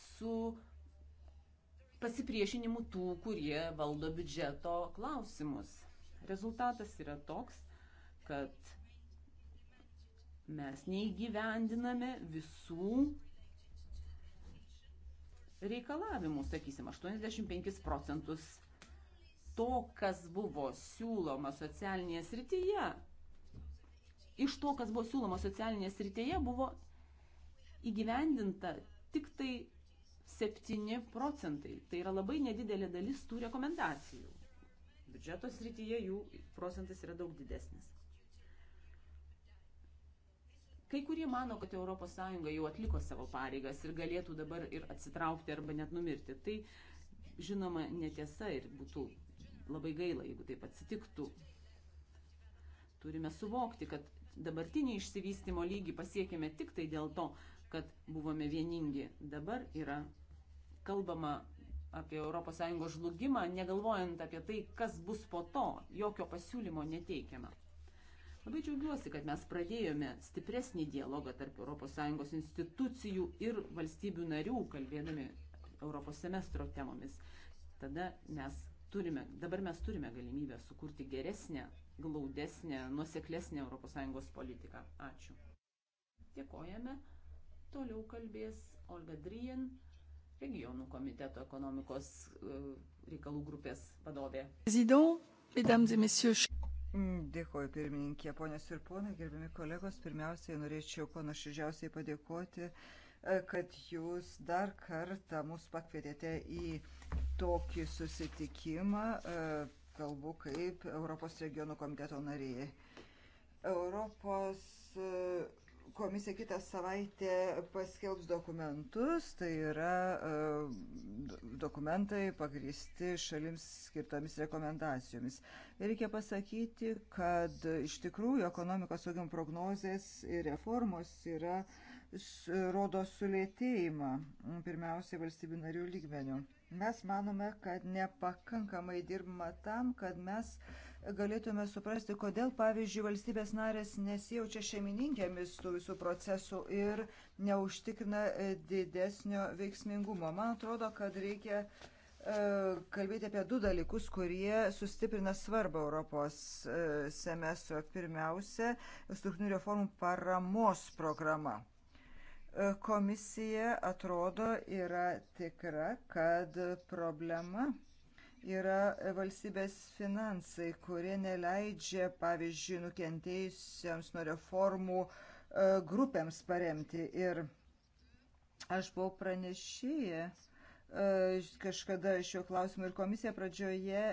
su pasipriešinimu tų, kurie valdo biudžeto klausimus. Rezultatas yra toks, kad mes neįgyvendiname visų reikalavimų, sakysim, 85 procentus to, kas buvo siūloma socialinėje srityje, iš to, kas buvo siūloma socialinėje srityje, buvo įgyvendinta tik tai 7 procentai. Tai yra labai nedidelė dalis tų rekomendacijų. Biudžeto srityje jų procentas yra daug didesnis. Kai kurie mano, kad ES jau atliko savo pareigas ir galėtų dabar ir atsitraukti arba net numirti. Tai žinoma netiesa ir būtų labai gaila, jeigu taip atsitiktų. Turime suvokti, kad dabartinį išsivystimo lygį pasiekėme tik tai dėl to, kad buvome vieningi. Dabar yra kalbama apie ES žlugimą, negalvojant apie tai, kas bus po to, jokio pasiūlymo neteikiama. Labai džiaugiuosi, kad mes pradėjome stipresnį dialogą tarp ES institucijų ir valstybių narių, kalbėdami Europos semestro temomis. Tada mes turime, dabar mes turime galimybę sukurti geresnę glaudesnę, nuseklesnę ES politiką. Ačiū. Dėkojame. Toliau kalbės Olga Dryjen, regionų komiteto ekonomikos e, reikalų grupės vadovė. Dėkoju pirmininkė, ponės ir ponai, gerbiami kolegos. Pirmiausiai norėčiau panašižiausiai padėkoti, e, kad jūs dar kartą mus pakvietėte į tokį susitikimą e, kalbu kaip Europos regionų komiteto narė. Europos e, komisija kitą savaitę paskelbs dokumentus, tai yra e, dokumentai pagristi šalims skirtomis rekomendacijomis. Ir reikia pasakyti, kad iš tikrųjų ekonomikos augimo prognozės ir reformos yra rodo sulėtėjimą, pirmiausiai valstybių narių lygmenių. Mes manome, kad nepakankamai dirbama tam, kad mes galėtume suprasti, kodėl, pavyzdžiui, valstybės narės nesijaučia šeimininkėmis tų visų procesų ir neužtikrina e, didesnio veiksmingumo. Man atrodo, kad reikia e, kalbėti apie du dalykus, kurie sustiprina svarbą Europos e, semestro. Pirmiausia, struktūrinių reformų paramos programa. Komisija atrodo yra tikra, kad problema yra valstybės finansai, kurie neleidžia, pavyzdžiui, nukentėjusiems nuo reformų e, grupėms paremti. Ir aš buvau pranešėję e, kažkada šio klausimu ir komisija pradžioje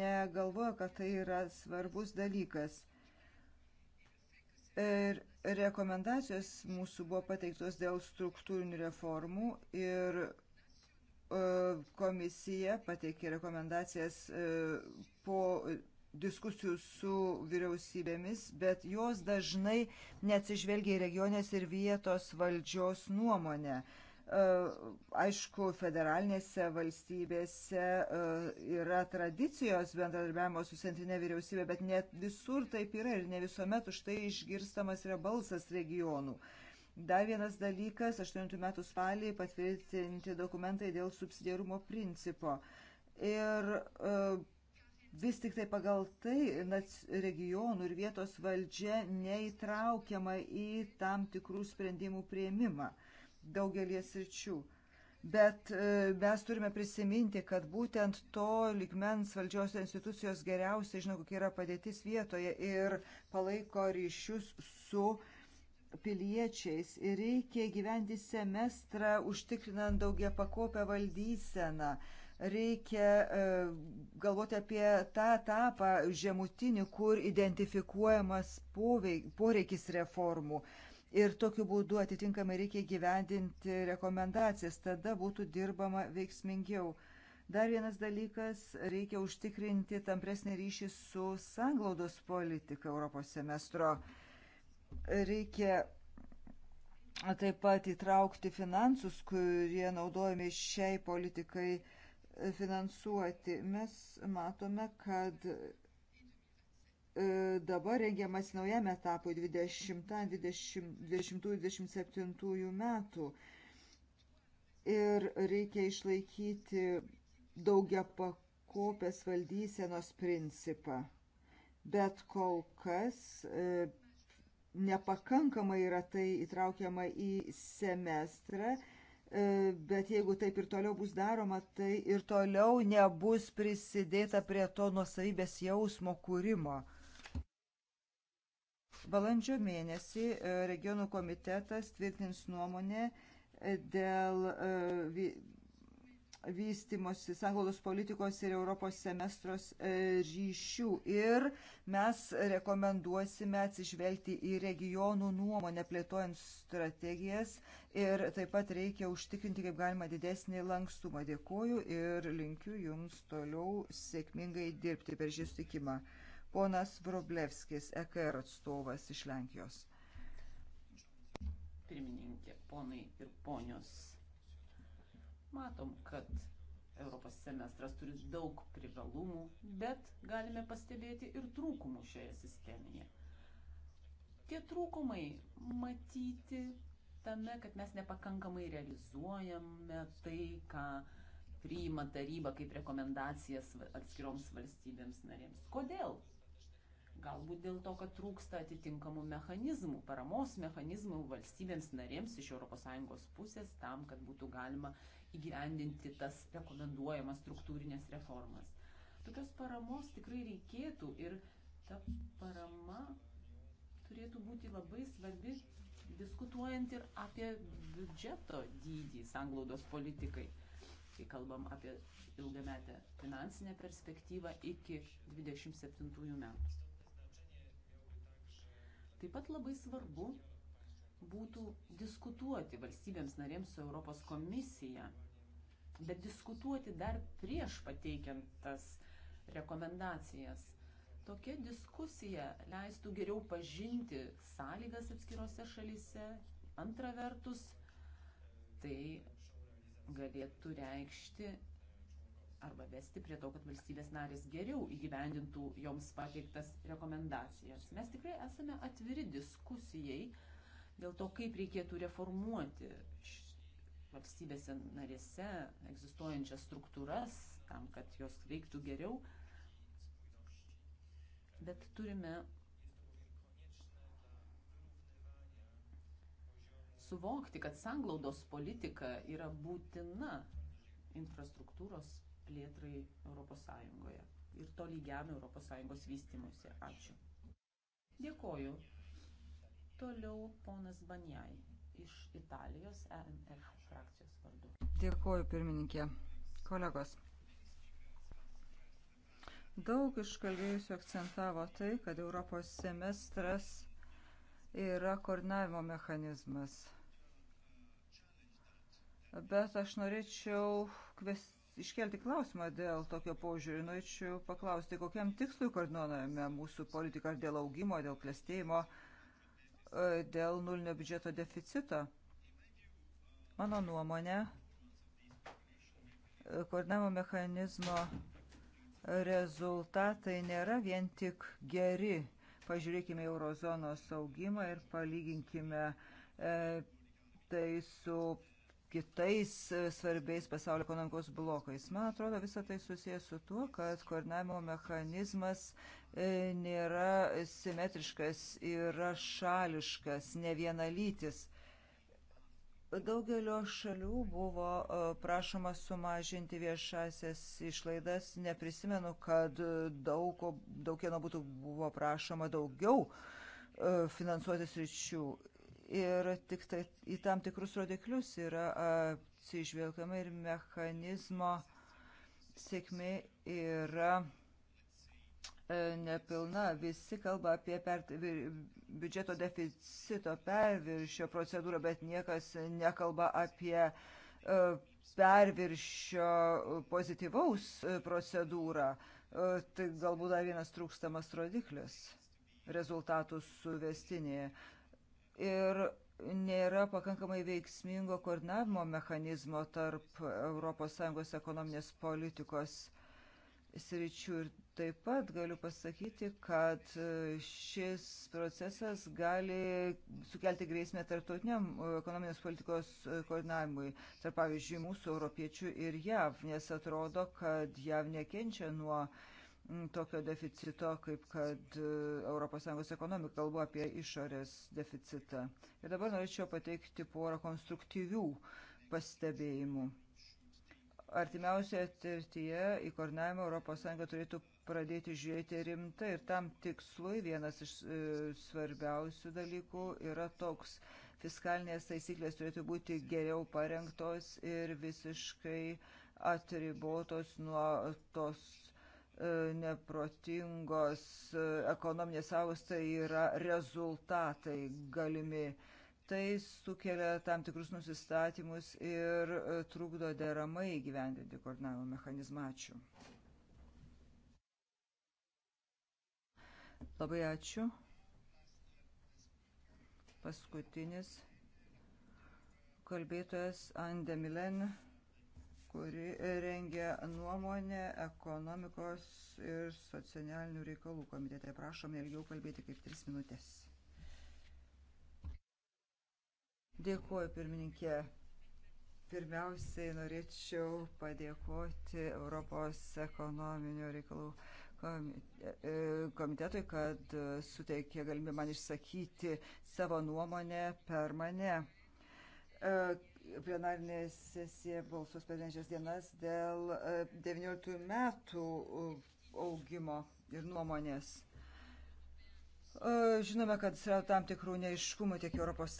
negalvojo, kad tai yra svarbus dalykas. Ir rekomendacijos mūsų buvo pateiktos dėl struktūrinių reformų ir e, komisija pateikė rekomendacijas e, po diskusijų su vyriausybėmis, bet jos dažnai neatsižvelgia į regionės ir vietos valdžios nuomonę. Aišku, federalinėse valstybėse e, yra tradicijos bendradarbiavimo su centrinė vyriausybė, bet net visur taip yra ir ne visuomet už tai išgirstamas yra balsas regionų. Dar vienas dalykas, 18 metų spalį patvirtinti dokumentai dėl subsidiarumo principo. Ir e, vis tik tai pagal tai regionų ir vietos valdžia neįtraukiama į tam tikrų sprendimų prieimimą daugelie sričių. Bet e, mes turime prisiminti, kad būtent to ligmens valdžios institucijos geriausiai žino, kokia yra padėtis vietoje ir palaiko ryšius su piliečiais. Ir reikia gyventi semestrą, užtikrinant daugia pakopę valdyseną. Reikia e, galvoti apie tą etapą žemutinį, kur identifikuojamas poveik, poreikis reformų ir tokiu būdu atitinkamai reikia gyvendinti rekomendacijas, tada būtų dirbama veiksmingiau. Dar vienas dalykas - reikia užtikrinti tampresnį ryšį su sanglaudos politika Europos semestro. Reikia taip pat įtraukti finansus, kurie naudojami šiai politikai finansuoti. Mes matome, kad E, dabar rengiamas naujam etapui 20-27 metų. Ir reikia išlaikyti daugia pakopės valdysenos principą. Bet kol kas e, nepakankamai yra tai įtraukiama į semestrą, e, bet jeigu taip ir toliau bus daroma, tai ir toliau nebus prisidėta prie to nuosavybės jausmo kūrimo. Balandžio mėnesį e, regionų komitetas tvirtins nuomonę e, dėl e, vystimosi sanglaudos politikos ir Europos semestros ryšių. Ir mes rekomenduosime atsižvelgti į regionų nuomonę plėtojant strategijas ir taip pat reikia užtikrinti kaip galima didesnį lankstumą. Dėkuoju ir linkiu Jums toliau sėkmingai dirbti per šį sutikimą. Ponas Vroblevskis, EKR atstovas iš Lenkijos. Pirmininkė, ponai ir ponios, matom, kad Europos semestras turi daug privalumų, bet galime pastebėti ir trūkumų šioje sistemoje. Tie trūkumai matyti tame, kad mes nepakankamai realizuojame tai, ką priima taryba kaip rekomendacijas atskiroms valstybėms narėms. Kodėl Galbūt dėl to, kad trūksta atitinkamų mechanizmų, paramos mechanizmų valstybėms narėms iš ES pusės tam, kad būtų galima įgyvendinti tas rekomenduojamas struktūrinės reformas. Tokios paramos tikrai reikėtų ir ta parama turėtų būti labai svarbi diskutuojant ir apie biudžeto dydį sanglaudos politikai, kai kalbam apie ilgametę finansinę perspektyvą iki 27 metų. Taip pat labai svarbu būtų diskutuoti valstybėms narėms su Europos komisija, bet diskutuoti dar prieš pateikiant tas rekomendacijas. Tokia diskusija leistų geriau pažinti sąlygas atskirose šalyse. Antra vertus, tai galėtų reikšti arba vesti prie to, kad valstybės narės geriau įgyvendintų joms pateiktas rekomendacijas. Mes tikrai esame atviri diskusijai dėl to, kaip reikėtų reformuoti valstybėse narėse egzistuojančias struktūras tam, kad jos veiktų geriau. Bet turime suvokti, kad sanglaudos politika yra būtina infrastruktūros plėtrai ES ir to lygiam ES vystimuose. Ačiū. Dėkoju. Toliau ponas Banjai iš Italijos ENF frakcijos vardu. Dėkoju pirmininkė. Kolegos. Daug iškalbėjusių akcentavo tai, kad Europos semestras yra koordinavimo mechanizmas. Bet aš norėčiau kvesti iškelti klausimą dėl tokio požiūrį. Norėčiau nu, paklausti, kokiam tikslui koordinuojame mūsų politiką dėl augimo, dėl klėstėjimo, e, dėl nulinio biudžeto deficito. Mano nuomonė, e, koordinavimo mechanizmo rezultatai nėra vien tik geri. Pažiūrėkime eurozonos augimą ir palyginkime e, tai su kitais e, svarbiais pasaulio ekonomikos blokais. Man atrodo, visą tai susijęs su tuo, kad koordinavimo mechanizmas e, nėra simetriškas, yra šališkas, ne vienalytis. Daugelio šalių buvo e, prašoma sumažinti viešasias išlaidas. Neprisimenu, kad daug, daug kieno būtų buvo prašoma daugiau finansuoti sričių ir tik tai į tam tikrus rodiklius yra atsižvelgiama ir mechanizmo sėkmė yra e, nepilna. Visi kalba apie per, biudžeto deficito perviršio procedūrą, bet niekas nekalba apie e, perviršio pozityvaus procedūrą. E, tai galbūt dar vienas trūkstamas rodiklis rezultatų suvestinėje ir nėra pakankamai veiksmingo koordinavimo mechanizmo tarp ES ekonominės politikos sričių. Ir taip pat galiu pasakyti, kad šis procesas gali sukelti grėsmę tarptautiniam ekonominės politikos koordinavimui, tarp pavyzdžiui mūsų europiečių ir JAV, nes atrodo, kad JAV nekenčia nuo uh, tokio deficito, kaip kad ES ekonomika kalbu apie išorės deficitą. Ir dabar norėčiau pateikti porą konstruktyvių pastebėjimų. Artimiausioje ateityje į koordinavimą ES turėtų pradėti žiūrėti rimtai ir tam tikslui vienas iš e, svarbiausių dalykų yra toks. Fiskalinės taisyklės turėtų būti geriau parengtos ir visiškai atribotos nuo tos neprotingos e, ekonominės savus, tai yra rezultatai galimi. Tai sukelia tam tikrus nusistatymus ir e, trukdo deramai gyvendinti koordinavimo mechanizmą. Ačiū. Labai ačiū. Paskutinis kalbėtojas Ande Milen kuri rengia nuomonę ekonomikos ir socialinių reikalų komitete. Prašom ilgiau kalbėti kaip tris minutės. Dėkuoju, pirmininkė. Pirmiausiai norėčiau padėkoti Europos ekonominio reikalų e, komitetui, kad suteikė galimybę man išsakyti savo nuomonę per mane e, plenarinė sesija balsus penenčias dienas dėl 19 e, metų e, augimo ir nuomonės. E, žinome, kad yra tam tikrų neiškumų tiek ES,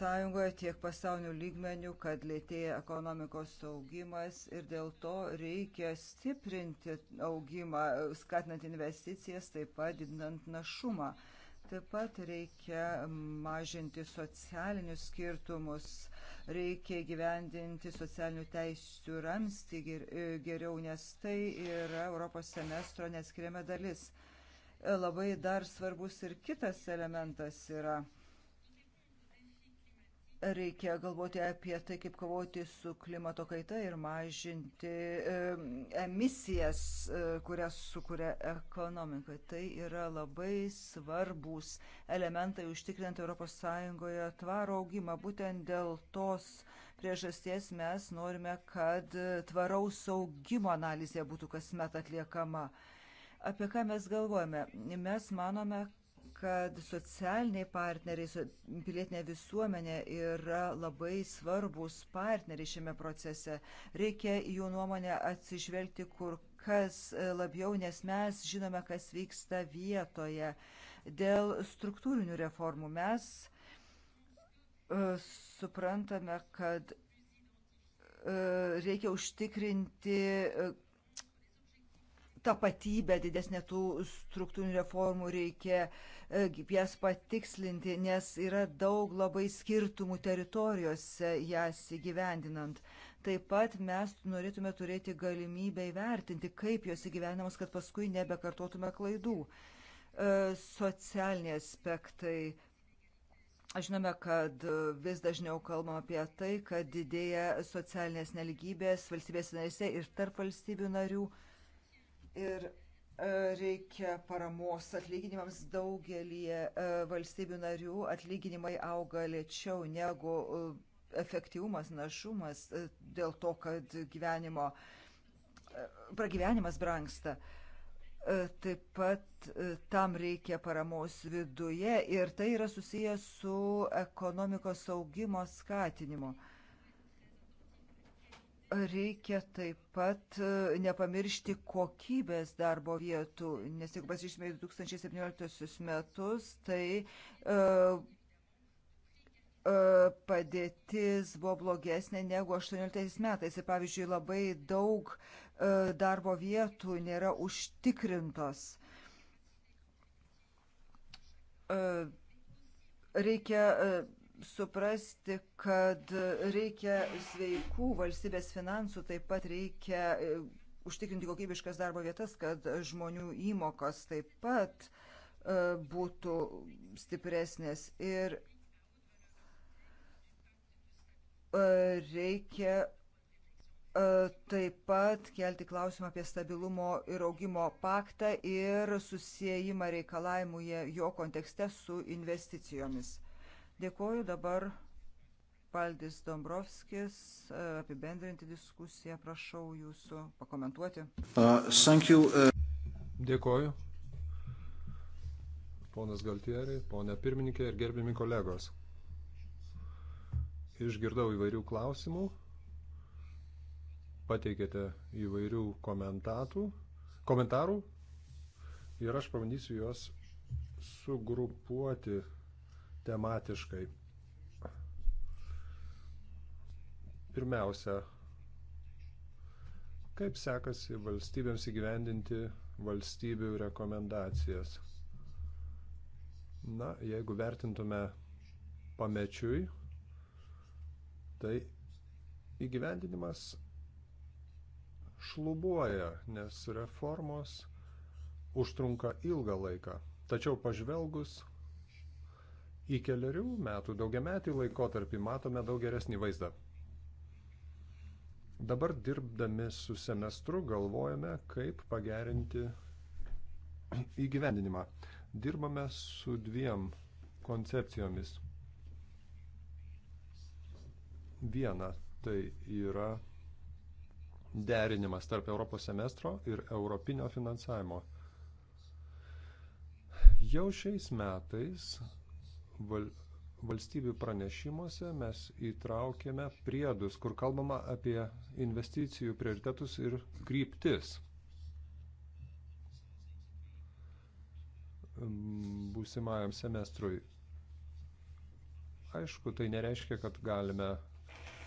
tiek pasaulio lygmenių, kad lėtėja ekonomikos augimas ir dėl to reikia stiprinti augimą, skatinant investicijas, taip pat didinant našumą. Taip pat reikia mažinti socialinius skirtumus, reikia gyvendinti socialinių teisų ramsti geriau, nes tai yra Europos semestro neskiriama dalis. Labai dar svarbus ir kitas elementas yra Reikia galvoti apie tai, kaip kovoti su klimato kaita ir mažinti e, emisijas, e, kurias sukuria ekonomika. Tai yra labai svarbus elementai užtikrinant ES tvarų augimą. Būtent dėl tos priežasties mes norime, kad tvaraus augimo analizė būtų kasmet atliekama. Apie ką mes galvojame? Mes manome, kad socialiniai partneriai, pilietinė visuomenė yra labai svarbus partneriai šiame procese. Reikia jų nuomonę atsižvelgti kur kas e, labiau, nes mes žinome, kas vyksta vietoje. Dėl struktūrinių reformų mes e, suprantame, kad e, reikia užtikrinti tapatybę didesnė tų struktūrinių reformų reikia E, jas patikslinti, nes yra daug labai skirtumų teritorijose jas įgyvendinant. Taip pat mes norėtume turėti galimybę įvertinti, kaip jos įgyvendinamos, kad paskui nebekartotume klaidų. E, socialiniai aspektai, Žinome, kad vis dažniau kalbam apie tai, kad didėja socialinės neligybės valstybės narėse ir tarp valstybių narių. Ir reikia paramos atlyginimams daugelį e, valstybių narių. Atlyginimai auga lėčiau negu e, efektyvumas, našumas e, dėl to, kad gyvenimo, pragyvenimas brangsta. Taip pat tam reikia paramos viduje ir tai yra susijęs su ekonomikos augimo skatinimu. Reikia taip pat e, nepamiršti kokybės darbo vietų, nes jeigu pasižiūrėsime 2017 metus, tai uh, uh, padėtis buvo blogesnė negu 18 metais. Ir pavyzdžiui, labai daug uh, darbo vietų nėra užtikrintos. Reikia suprasti, kad reikia sveikų valstybės finansų, taip pat reikia e, užtikrinti kokybiškas darbo vietas, kad žmonių įmokos taip pat e, būtų stipresnės ir e, reikia taip pat kelti klausimą apie stabilumo ir augimo paktą ir susijimą reikalavimų jo kontekste su investicijomis. Dėkoju dabar Paldis Dombrovskis, e, apibendrinti diskusiją, prašau jūsų pakomentuoti. Uh, you, uh... Dėkoju. Ponas Galtieri, ponė pirmininkė ir gerbiami kolegos. Išgirdau įvairių klausimų, pateikėte įvairių komentatų, komentarų ir aš pabandysiu juos sugrupuoti tematiškai. Pirmiausia, kaip sekasi valstybėms įgyvendinti valstybių rekomendacijas. Na, jeigu vertintume pamečiui, tai įgyvendinimas šlubuoja, nes reformos užtrunka ilgą laiką. Tačiau pažvelgus į keliarių metų daugiametį laikotarpį matome daug geresnį vaizdą. Dabar dirbdami su semestru galvojame, kaip pagerinti įgyvendinimą. Dirbame su dviem koncepcijomis. Viena tai yra derinimas tarp Europos semestro ir europinio finansavimo. Jau šiais metais val, valstybių pranešimuose mes įtraukėme priedus, kur kalbama apie investicijų prioritetus ir kryptis. Būsimajam semestrui. Aišku, tai nereiškia, kad galime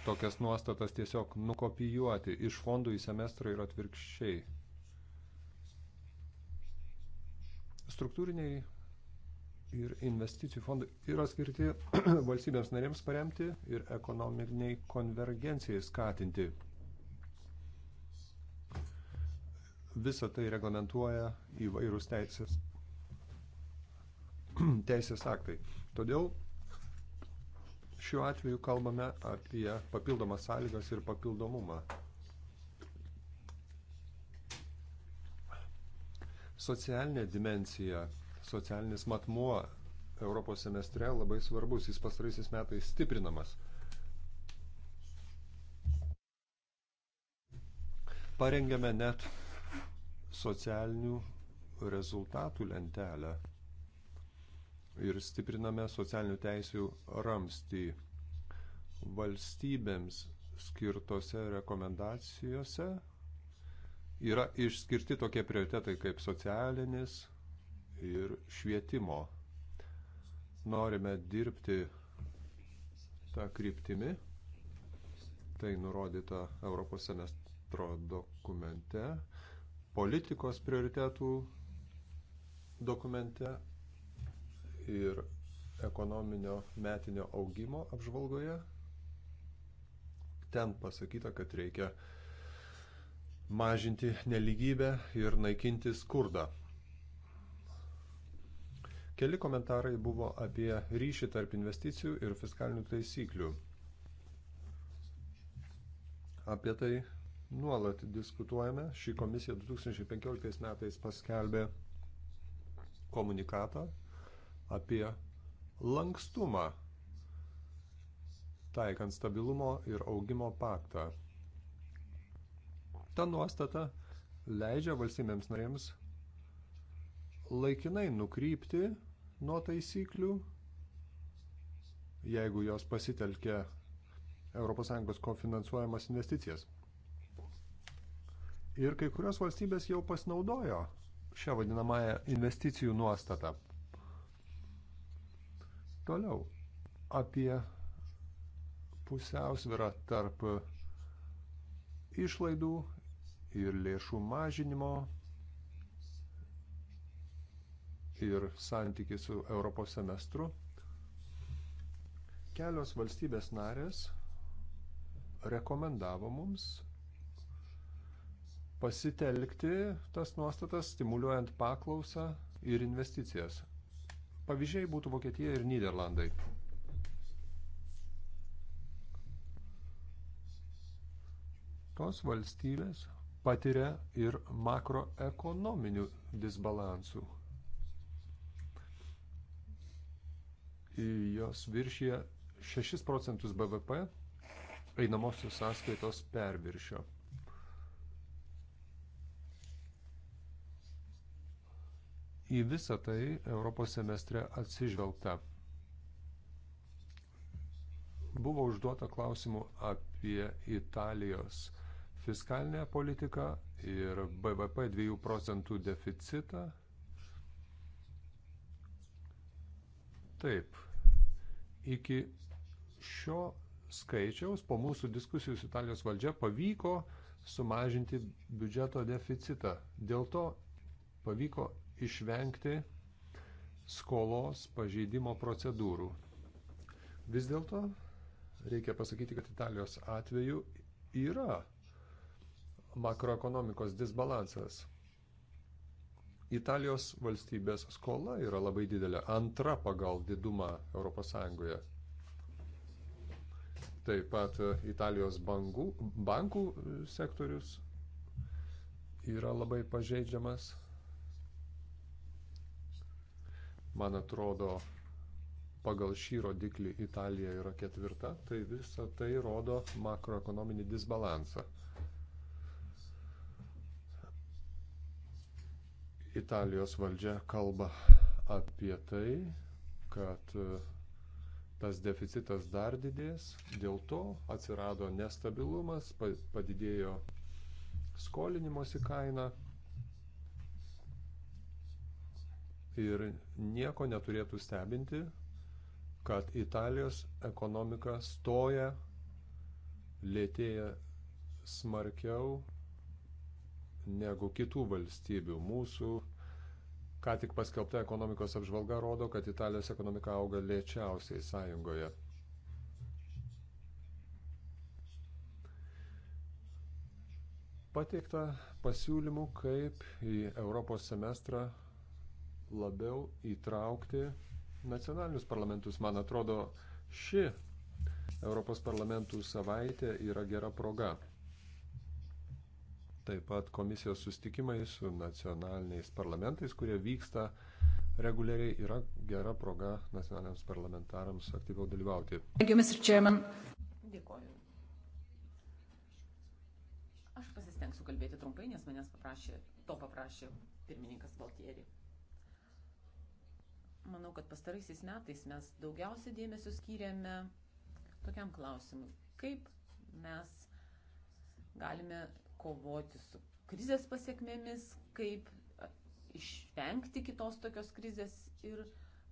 tokias nuostatas tiesiog nukopijuoti iš fondų į semestrą ir atvirkščiai. Struktūriniai ir investicijų fondai yra skirti valstybėms narėms paremti ir ekonominiai konvergencijai skatinti. Visą tai reglamentuoja įvairūs teisės, teisės aktai. Todėl šiuo atveju kalbame apie papildomas sąlygas ir papildomumą. Socialinė dimencija socialinis matmuo Europos semestre labai svarbus, jis pastaraisiais metais stiprinamas. Parengėme net socialinių rezultatų lentelę ir stipriname socialinių teisių ramstį valstybėms skirtose rekomendacijose yra išskirti tokie prioritetai kaip socialinis, ir švietimo. Norime dirbti tą kryptimį, tai nurodyta Europos semestro dokumente, politikos prioritetų dokumente ir ekonominio metinio augimo apžvalgoje. Ten pasakyta, kad reikia mažinti neligybę ir naikinti skurdą. Keli komentarai buvo apie ryšį tarp investicijų ir fiskalinių taisyklių. Apie tai nuolat diskutuojame. Ši komisija 2015 metais paskelbė komunikatą apie lankstumą taikant stabilumo ir augimo paktą. Ta nuostata leidžia valstybėms narėms laikinai nukrypti nuo taisyklių, jeigu jos pasitelkia ES kofinansuojamas investicijas. Ir kai kurios valstybės jau pasinaudojo šią vadinamąją investicijų nuostatą. Toliau apie pusiausvyrą tarp išlaidų ir lėšų mažinimo ir santykį su Europos semestru. Kelios valstybės narės rekomendavo mums pasitelkti tas nuostatas, stimuliuojant paklausą ir investicijas. Pavyzdžiai būtų Vokietija ir Niderlandai. Tos valstybės patiria ir makroekonominių disbalansų. jos viršyje 6 procentus BVP einamosios sąskaitos perviršio. Į visą tai Europos semestre atsižvelgta. Buvo užduota klausimų apie Italijos fiskalinę politiką ir BVP 2 procentų deficitą. Taip, Iki šio skaičiaus po mūsų diskusijų su Italijos valdžia pavyko sumažinti biudžeto deficitą. Dėl to pavyko išvengti skolos pažeidimo procedūrų. Vis dėlto reikia pasakyti, kad Italijos atveju yra makroekonomikos disbalansas. Italijos valstybės skola yra labai didelė, antra pagal didumą ES. Taip pat e, Italijos bankų, bankų e, sektorius yra labai pažeidžiamas. Man atrodo, pagal šį rodiklį Italija yra ketvirta, tai visa tai rodo makroekonominį disbalansą. Italijos valdžia kalba apie tai, kad e, tas deficitas dar didės, dėl to atsirado nestabilumas, padidėjo skolinimosi kaina ir nieko neturėtų stebinti, kad Italijos ekonomika stoja, lėtėja smarkiau negu kitų valstybių. Mūsų ką tik paskelbta ekonomikos apžvalga rodo, kad Italijos ekonomika auga lėčiausiai sąjungoje. Pateikta pasiūlymų, kaip į Europos semestrą labiau įtraukti nacionalinius parlamentus. Man atrodo, ši Europos parlamentų savaitė yra gera proga taip pat komisijos sustikimai su nacionaliniais parlamentais, kurie vyksta reguliariai, yra gera proga nacionaliniams parlamentarams aktyviau dalyvauti. Thank you, Mr. Chairman. Dėkoju. Aš pasistengsiu kalbėti trumpai, nes manęs paprašė, to paprašė pirmininkas Valtieri. Manau, kad pastaraisiais metais mes daugiausia dėmesio skyrėme tokiam klausimui, kaip mes galime kovoti su krizės pasiekmėmis, kaip išvengti kitos tokios krizės. Ir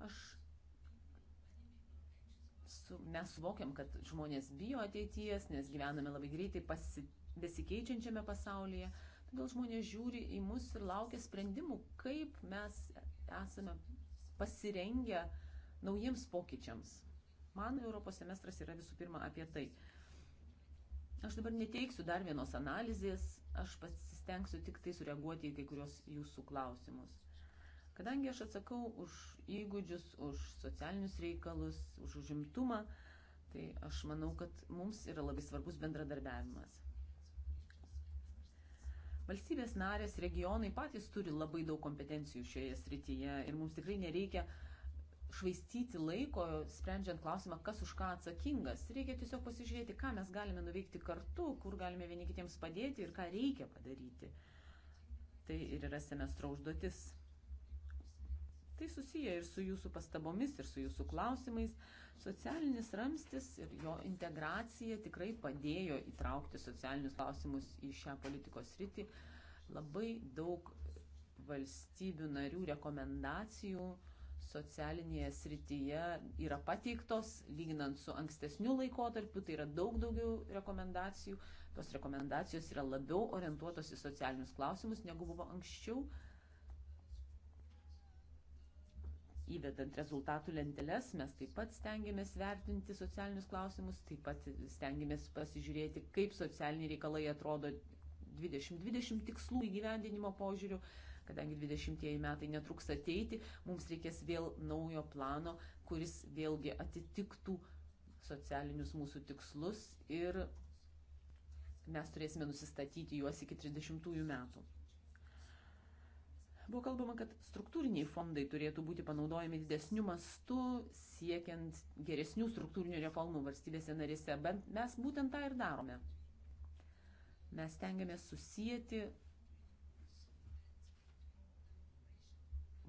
aš su, mes suvokiam, kad žmonės bijo ateities, nes gyvename labai greitai pasi, besikeičiančiame pasaulyje. Todėl žmonės žiūri į mus ir laukia sprendimų, kaip mes esame pasirengę naujiems pokyčiams. Man Europos semestras yra visų pirma apie tai. Aš dabar neteiksiu dar vienos analizės, aš pasistengsiu tik tai sureaguoti į kai kurios jūsų klausimus. Kadangi aš atsakau už įgūdžius, už socialinius reikalus, už užimtumą, tai aš manau, kad mums yra labai svarbus bendradarbiavimas. Valstybės narės, regionai patys turi labai daug kompetencijų šioje srityje ir mums tikrai nereikia uh, švaistyti laiko, sprendžiant klausimą, kas už ką atsakingas. Reikia tiesiog pasižiūrėti, ką mes galime nuveikti kartu, kur galime vieni kitiems padėti ir ką reikia padaryti. Tai ir yra semestro užduotis. Tai susiję ir su jūsų pastabomis, ir su jūsų klausimais. Socialinis ramstis ir jo integracija tikrai padėjo įtraukti socialinius klausimus į šią politikos rytį. Labai daug valstybių narių rekomendacijų socialinėje srityje yra pateiktos, lyginant su ankstesniu laikotarpiu, tai yra daug daugiau rekomendacijų. Tos rekomendacijos yra labiau orientuotos į socialinius klausimus, negu buvo anksčiau. Įvedant rezultatų lenteles, mes taip pat stengiamės vertinti socialinius klausimus, taip pat stengiamės pasižiūrėti, kaip socialiniai reikalai atrodo 2020 tikslų įgyvendinimo požiūriu kadangi 20-ieji metai netruks ateiti, mums reikės vėl naujo plano, kuris vėlgi atitiktų socialinius mūsų tikslus ir mes turėsime nusistatyti juos iki 30-ųjų metų. Buvo kalbama, kad struktūriniai fondai turėtų būti panaudojami didesniu mastu, siekiant geresnių struktūrinių reformų valstybėse narėse, bet mes būtent tą ir darome. Mes tengiamės susijęti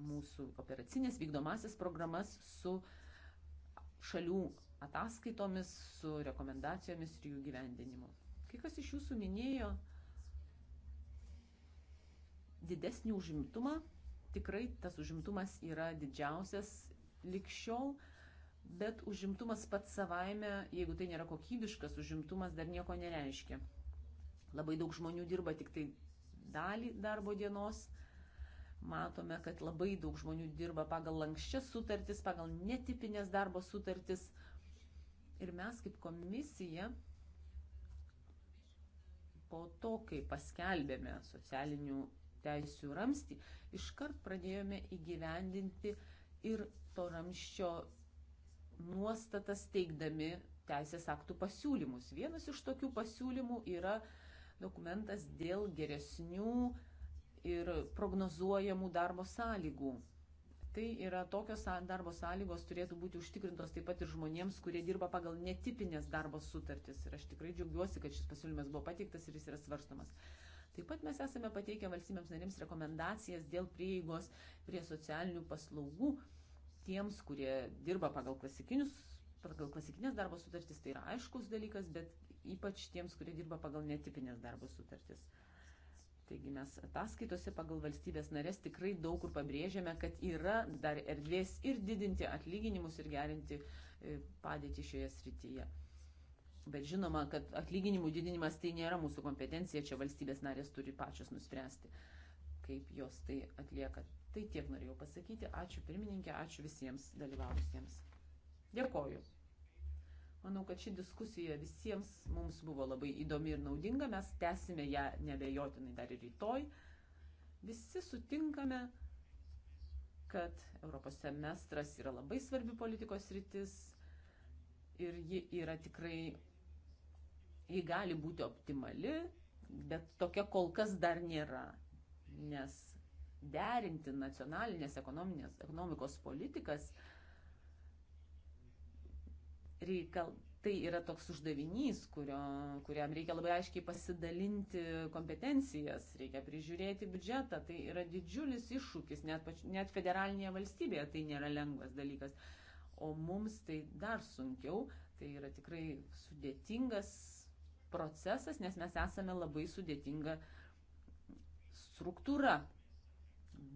mūsų operacinės vykdomasis programas su šalių ataskaitomis, su rekomendacijomis ir jų gyvendinimu. Kai kas iš jūsų minėjo didesnį užimtumą, tikrai tas užimtumas yra didžiausias likščiau, bet užimtumas pats savaime, jeigu tai nėra kokybiškas užimtumas, dar nieko nereiškia. Labai daug žmonių dirba tik tai dalį darbo dienos matome, kad labai daug žmonių dirba pagal lankščias sutartis, pagal netipinės darbo sutartis. Ir mes kaip komisija po to, kai paskelbėme socialinių teisių ramstį, iškart pradėjome įgyvendinti ir to ramščio nuostatas teikdami teisės aktų pasiūlymus. Vienas iš tokių pasiūlymų yra dokumentas dėl geresnių ir prognozuojamų darbo sąlygų. Tai yra tokios darbo sąlygos turėtų būti užtikrintos taip pat ir žmonėms, kurie dirba pagal netipinės darbo sutartis. Ir aš tikrai džiaugiuosi, kad šis pasiūlymas buvo pateiktas ir jis yra svarstomas. Taip pat mes esame pateikę valstybėms narėms rekomendacijas dėl prieigos prie socialinių paslaugų tiems, kurie dirba pagal, pagal klasikinės darbo sutartis. Tai yra aiškus dalykas, bet ypač tiems, kurie dirba pagal netipinės darbo sutartis. Taigi mes ataskaitose pagal valstybės narės tikrai daug kur pabrėžiame, kad yra dar erdvės ir didinti atlyginimus ir gerinti e, padėtį šioje srityje. Bet žinoma, kad atlyginimų didinimas tai nėra mūsų kompetencija, čia valstybės narės turi pačios nuspręsti, kaip jos tai atlieka. Tai tiek norėjau pasakyti. Ačiū pirmininkė, ačiū visiems dalyvavusiems. Dėkoju. Manau, kad ši diskusija visiems mums buvo labai įdomi ir naudinga, mes tęsime ją nebejotinai dar ir rytoj. Visi sutinkame, kad Europos semestras yra labai svarbi politikos rytis ir ji yra tikrai, ji gali būti optimali, bet tokia kol kas dar nėra, nes derinti nacionalinės ekonomikos politikas – reikal, tai yra toks uždavinys, kurio, kuriam reikia labai aiškiai pasidalinti kompetencijas, reikia prižiūrėti biudžetą, tai yra didžiulis iššūkis, net, pač, net federalinėje valstybėje tai nėra lengvas dalykas, o mums tai dar sunkiau, tai yra tikrai sudėtingas procesas, nes mes esame labai sudėtinga struktūra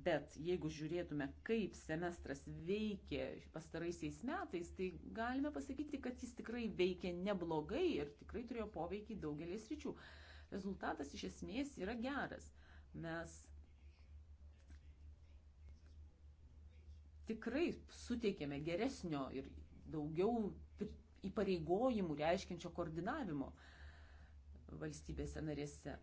Bet jeigu žiūrėtume, kaip semestras veikė pastaraisiais metais, tai galime pasakyti, kad jis tikrai veikė neblogai ir tikrai turėjo poveikį daugelės ryčių. Rezultatas iš esmės yra geras. Mes tikrai suteikėme geresnio ir daugiau įpareigojimų reiškiančio koordinavimo valstybėse narėse.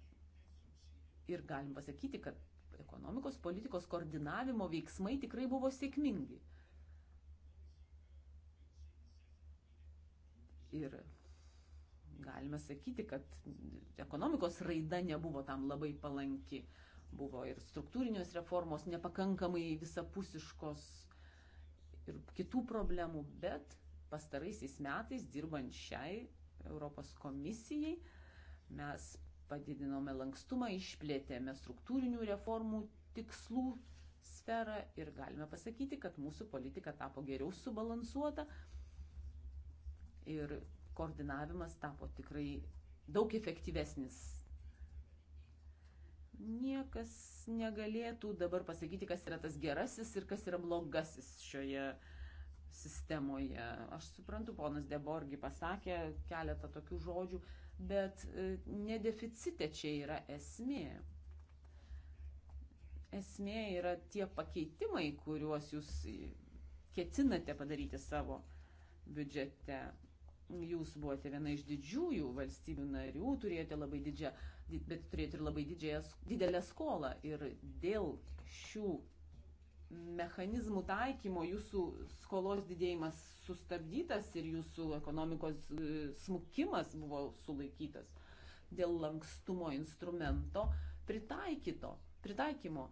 Ir galim pasakyti, kad ekonomikos politikos koordinavimo veiksmai tikrai buvo sėkmingi. Ir galime sakyti, kad ekonomikos raida nebuvo tam labai palanki. Buvo ir struktūrinės reformos nepakankamai visapusiškos ir kitų problemų, bet pastaraisiais metais dirbant šiai Europos komisijai mes padidinome lankstumą, išplėtėme struktūrinių reformų tikslų sferą ir galime pasakyti, kad mūsų politika tapo geriau subalansuota ir koordinavimas tapo tikrai daug efektyvesnis. Niekas negalėtų dabar pasakyti, kas yra tas gerasis ir kas yra blogasis šioje sistemoje. Aš suprantu, ponas Deborgi pasakė keletą tokių žodžių, bet e, nedeficite čia yra esmė. Esmė yra tie pakeitimai, kuriuos jūs e, ketinate padaryti savo biudžete. Jūs buvote viena iš didžiųjų valstybių narių, turėjote labai didžią, bet turėjote ir labai didžiąją, didelę skolą. Ir dėl šių mechanizmų taikymo jūsų skolos didėjimas sustabdytas ir jūsų ekonomikos e, smukimas buvo sulaikytas dėl lankstumo instrumento pritaikyto, pritaikymo.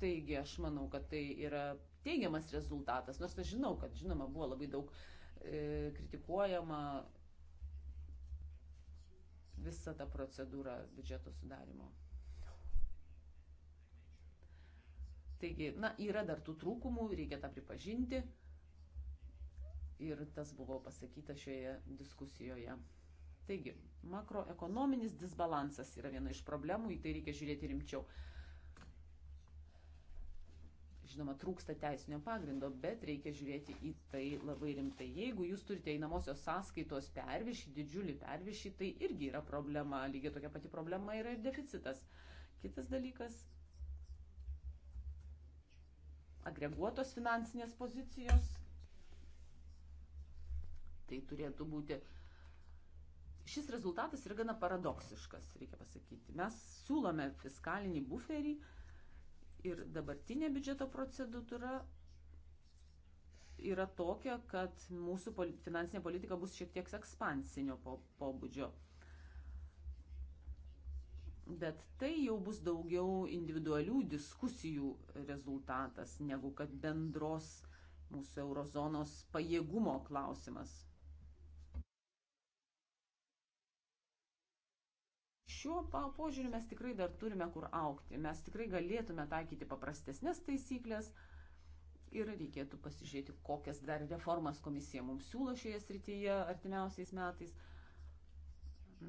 Taigi aš manau, kad tai yra teigiamas rezultatas, nors aš žinau, kad žinoma buvo labai daug e, kritikuojama visa ta procedūra biudžeto sudarimo. Taigi, na, yra dar tų trūkumų, reikia tą pripažinti. Ir tas buvo pasakyta šioje diskusijoje. Taigi, makroekonominis disbalansas yra viena iš problemų, į tai reikia žiūrėti rimčiau. Žinoma, trūksta teisinio pagrindo, bet reikia žiūrėti į tai labai rimtai. Jeigu jūs turite einamosios sąskaitos pervišį, didžiulį pervišį, tai irgi yra problema. Lygiai tokia pati problema yra ir deficitas. Kitas dalykas agreguotos finansinės pozicijos. Tai turėtų būti. Šis rezultatas yra gana paradoksiškas, reikia pasakyti. Mes siūlome fiskalinį buferį ir dabartinė biudžeto procedūra yra tokia, kad mūsų finansinė politika bus šiek tiek ekspansinio pobūdžio. Po Bet tai jau bus daugiau individualių diskusijų rezultatas, negu kad bendros mūsų eurozonos pajėgumo klausimas. Šiuo požiūriu mes tikrai dar turime kur aukti. Mes tikrai galėtume taikyti paprastesnės taisyklės ir reikėtų pasižiūrėti, kokias dar reformas komisija mums siūlo šioje srityje artimiausiais metais.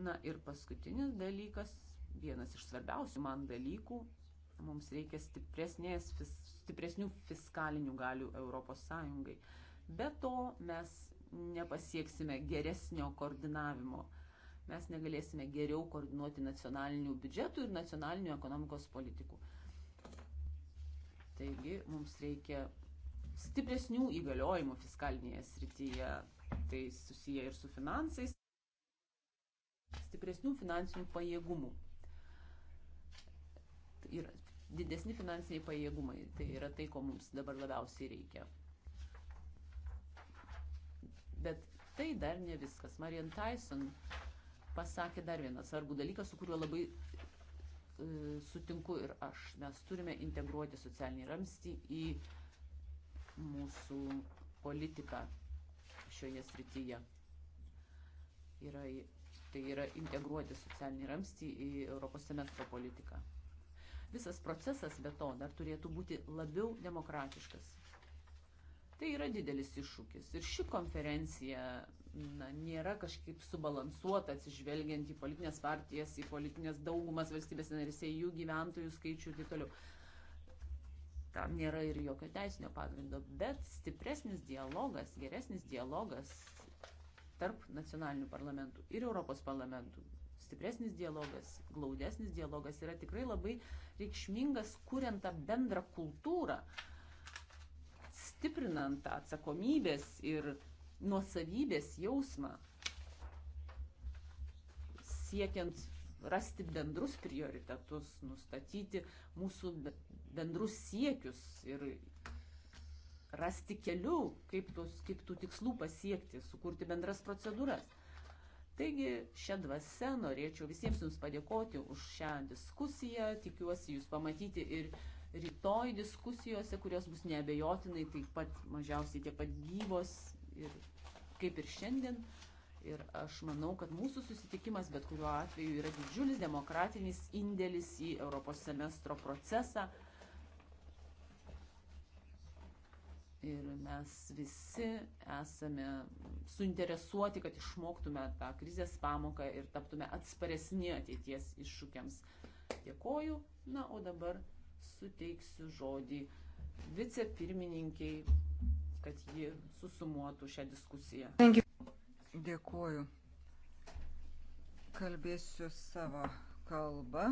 Na ir paskutinis dalykas vienas iš svarbiausių man dalykų. Mums reikia fis, stipresnių fiskalinių galių Europos Sąjungai. Be to mes nepasieksime geresnio koordinavimo. Mes negalėsime geriau koordinuoti nacionalinių biudžetų ir nacionalinių ekonomikos politikų. Taigi mums reikia stipresnių įgaliojimų fiskalinėje srityje. Tai susiję ir su finansais. Stipresnių finansinių pajėgumų yra didesni finansiniai pajėgumai. Tai yra tai, ko mums dabar labiausiai reikia. Bet tai dar ne viskas. Marian Tyson pasakė dar vieną svarbų dalyką, su kuriuo labai e, sutinku ir aš. Mes turime integruoti socialinį ramstį į mūsų politiką šioje srityje. Yra, tai yra integruoti socialinį ramstį į Europos semestro politiką. Visas procesas be to dar turėtų būti labiau demokratiškas. Tai yra didelis iššūkis. Ir ši konferencija na, nėra kažkaip subalansuota atsižvelgiant į politinės partijas, į politinės daugumas valstybės narėse, jų gyventojų skaičių ir taip toliau. Tam nėra ir jokio teisinio pagrindo, bet stipresnis dialogas, geresnis dialogas tarp nacionalinių parlamentų ir Europos parlamentų stipresnis dialogas, glaudesnis dialogas yra tikrai labai reikšmingas, kuriant tą bendrą kultūrą, stiprinant tą atsakomybės ir nuosavybės jausmą, siekiant rasti bendrus prioritetus, nustatyti mūsų bendrus siekius ir rasti kelių, kaip, tos, kaip tų tikslų pasiekti, sukurti bendras procedūras. Taigi šią dvasę norėčiau visiems Jums padėkoti už šią diskusiją. Tikiuosi Jūs pamatyti ir rytoj diskusijose, kurios bus neabejotinai taip pat mažiausiai tiek pat gyvos ir kaip ir šiandien. Ir aš manau, kad mūsų susitikimas bet kuriuo atveju yra didžiulis demokratinis indėlis į Europos semestro procesą. Ir mes visi esame suinteresuoti, kad išmoktume tą krizės pamoką ir taptume atsparesni ateities iššūkiams. Dėkoju. Na, o dabar suteiksiu žodį vicepirmininkiai, kad ji susumuotų šią diskusiją. Dėkoju. Kalbėsiu savo kalbą,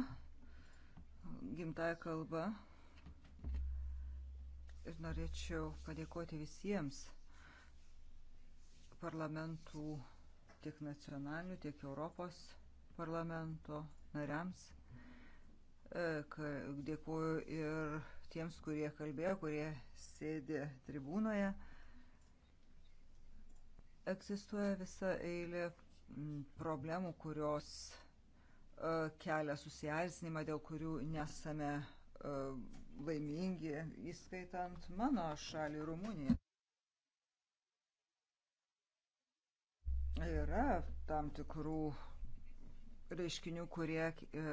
gimtąją kalbą, ir norėčiau padėkoti visiems parlamentų, tiek nacionalinių, tiek Europos parlamento nariams. E, dėkuoju ir tiems, kurie kalbėjo, kurie sėdė tribūnoje. Egzistuoja visa eilė problemų, kurios e, kelia susiarzinimą, dėl kurių nesame e, laimingi, įskaitant mano šalį Rumuniją. Yra tam tikrų reiškinių, kurie e,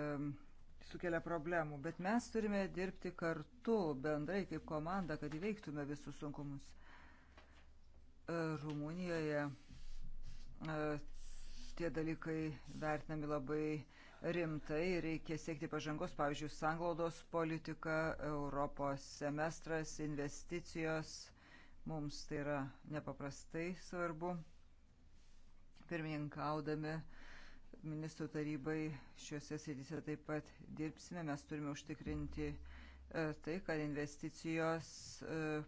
sukelia problemų, bet mes turime dirbti kartu, bendrai kaip komanda, kad įveiktume visus sunkumus. E, Rumunijoje e, tie dalykai vertinami labai e, rimtai, reikia siekti pažangos, pavyzdžiui, sanglaudos politika, Europos semestras, investicijos. Mums tai yra nepaprastai svarbu. Pirmininkaudami ministrų tarybai šiuose srityse taip pat dirbsime. Mes turime užtikrinti e, tai, kad investicijos e,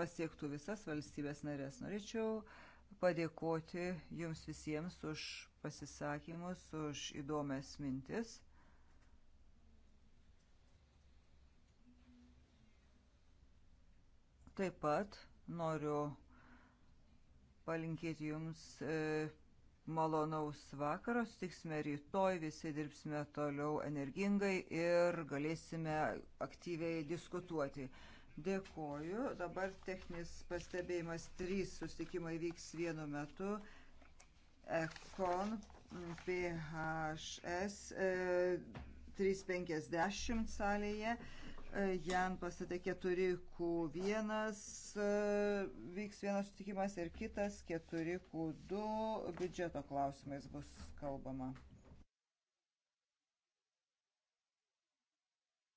pasiektų visas valstybės narės. Norėčiau uh, padėkoti jums visiems už pasisakymus, už įdomias mintis. Taip pat noriu palinkėti jums e, malonaus vakaro, sutiksime rytoj, visi dirbsime toliau energingai ir galėsime aktyviai diskutuoti. Dėkoju. Dabar techninis pastebėjimas. Trys susitikimai vyks vienu metu. Ekon, PHS 350 e, salėje. E, Jan pastate 4Q1 vyks vienas sutikimas ir kitas 4Q2 biudžeto klausimais bus kalbama.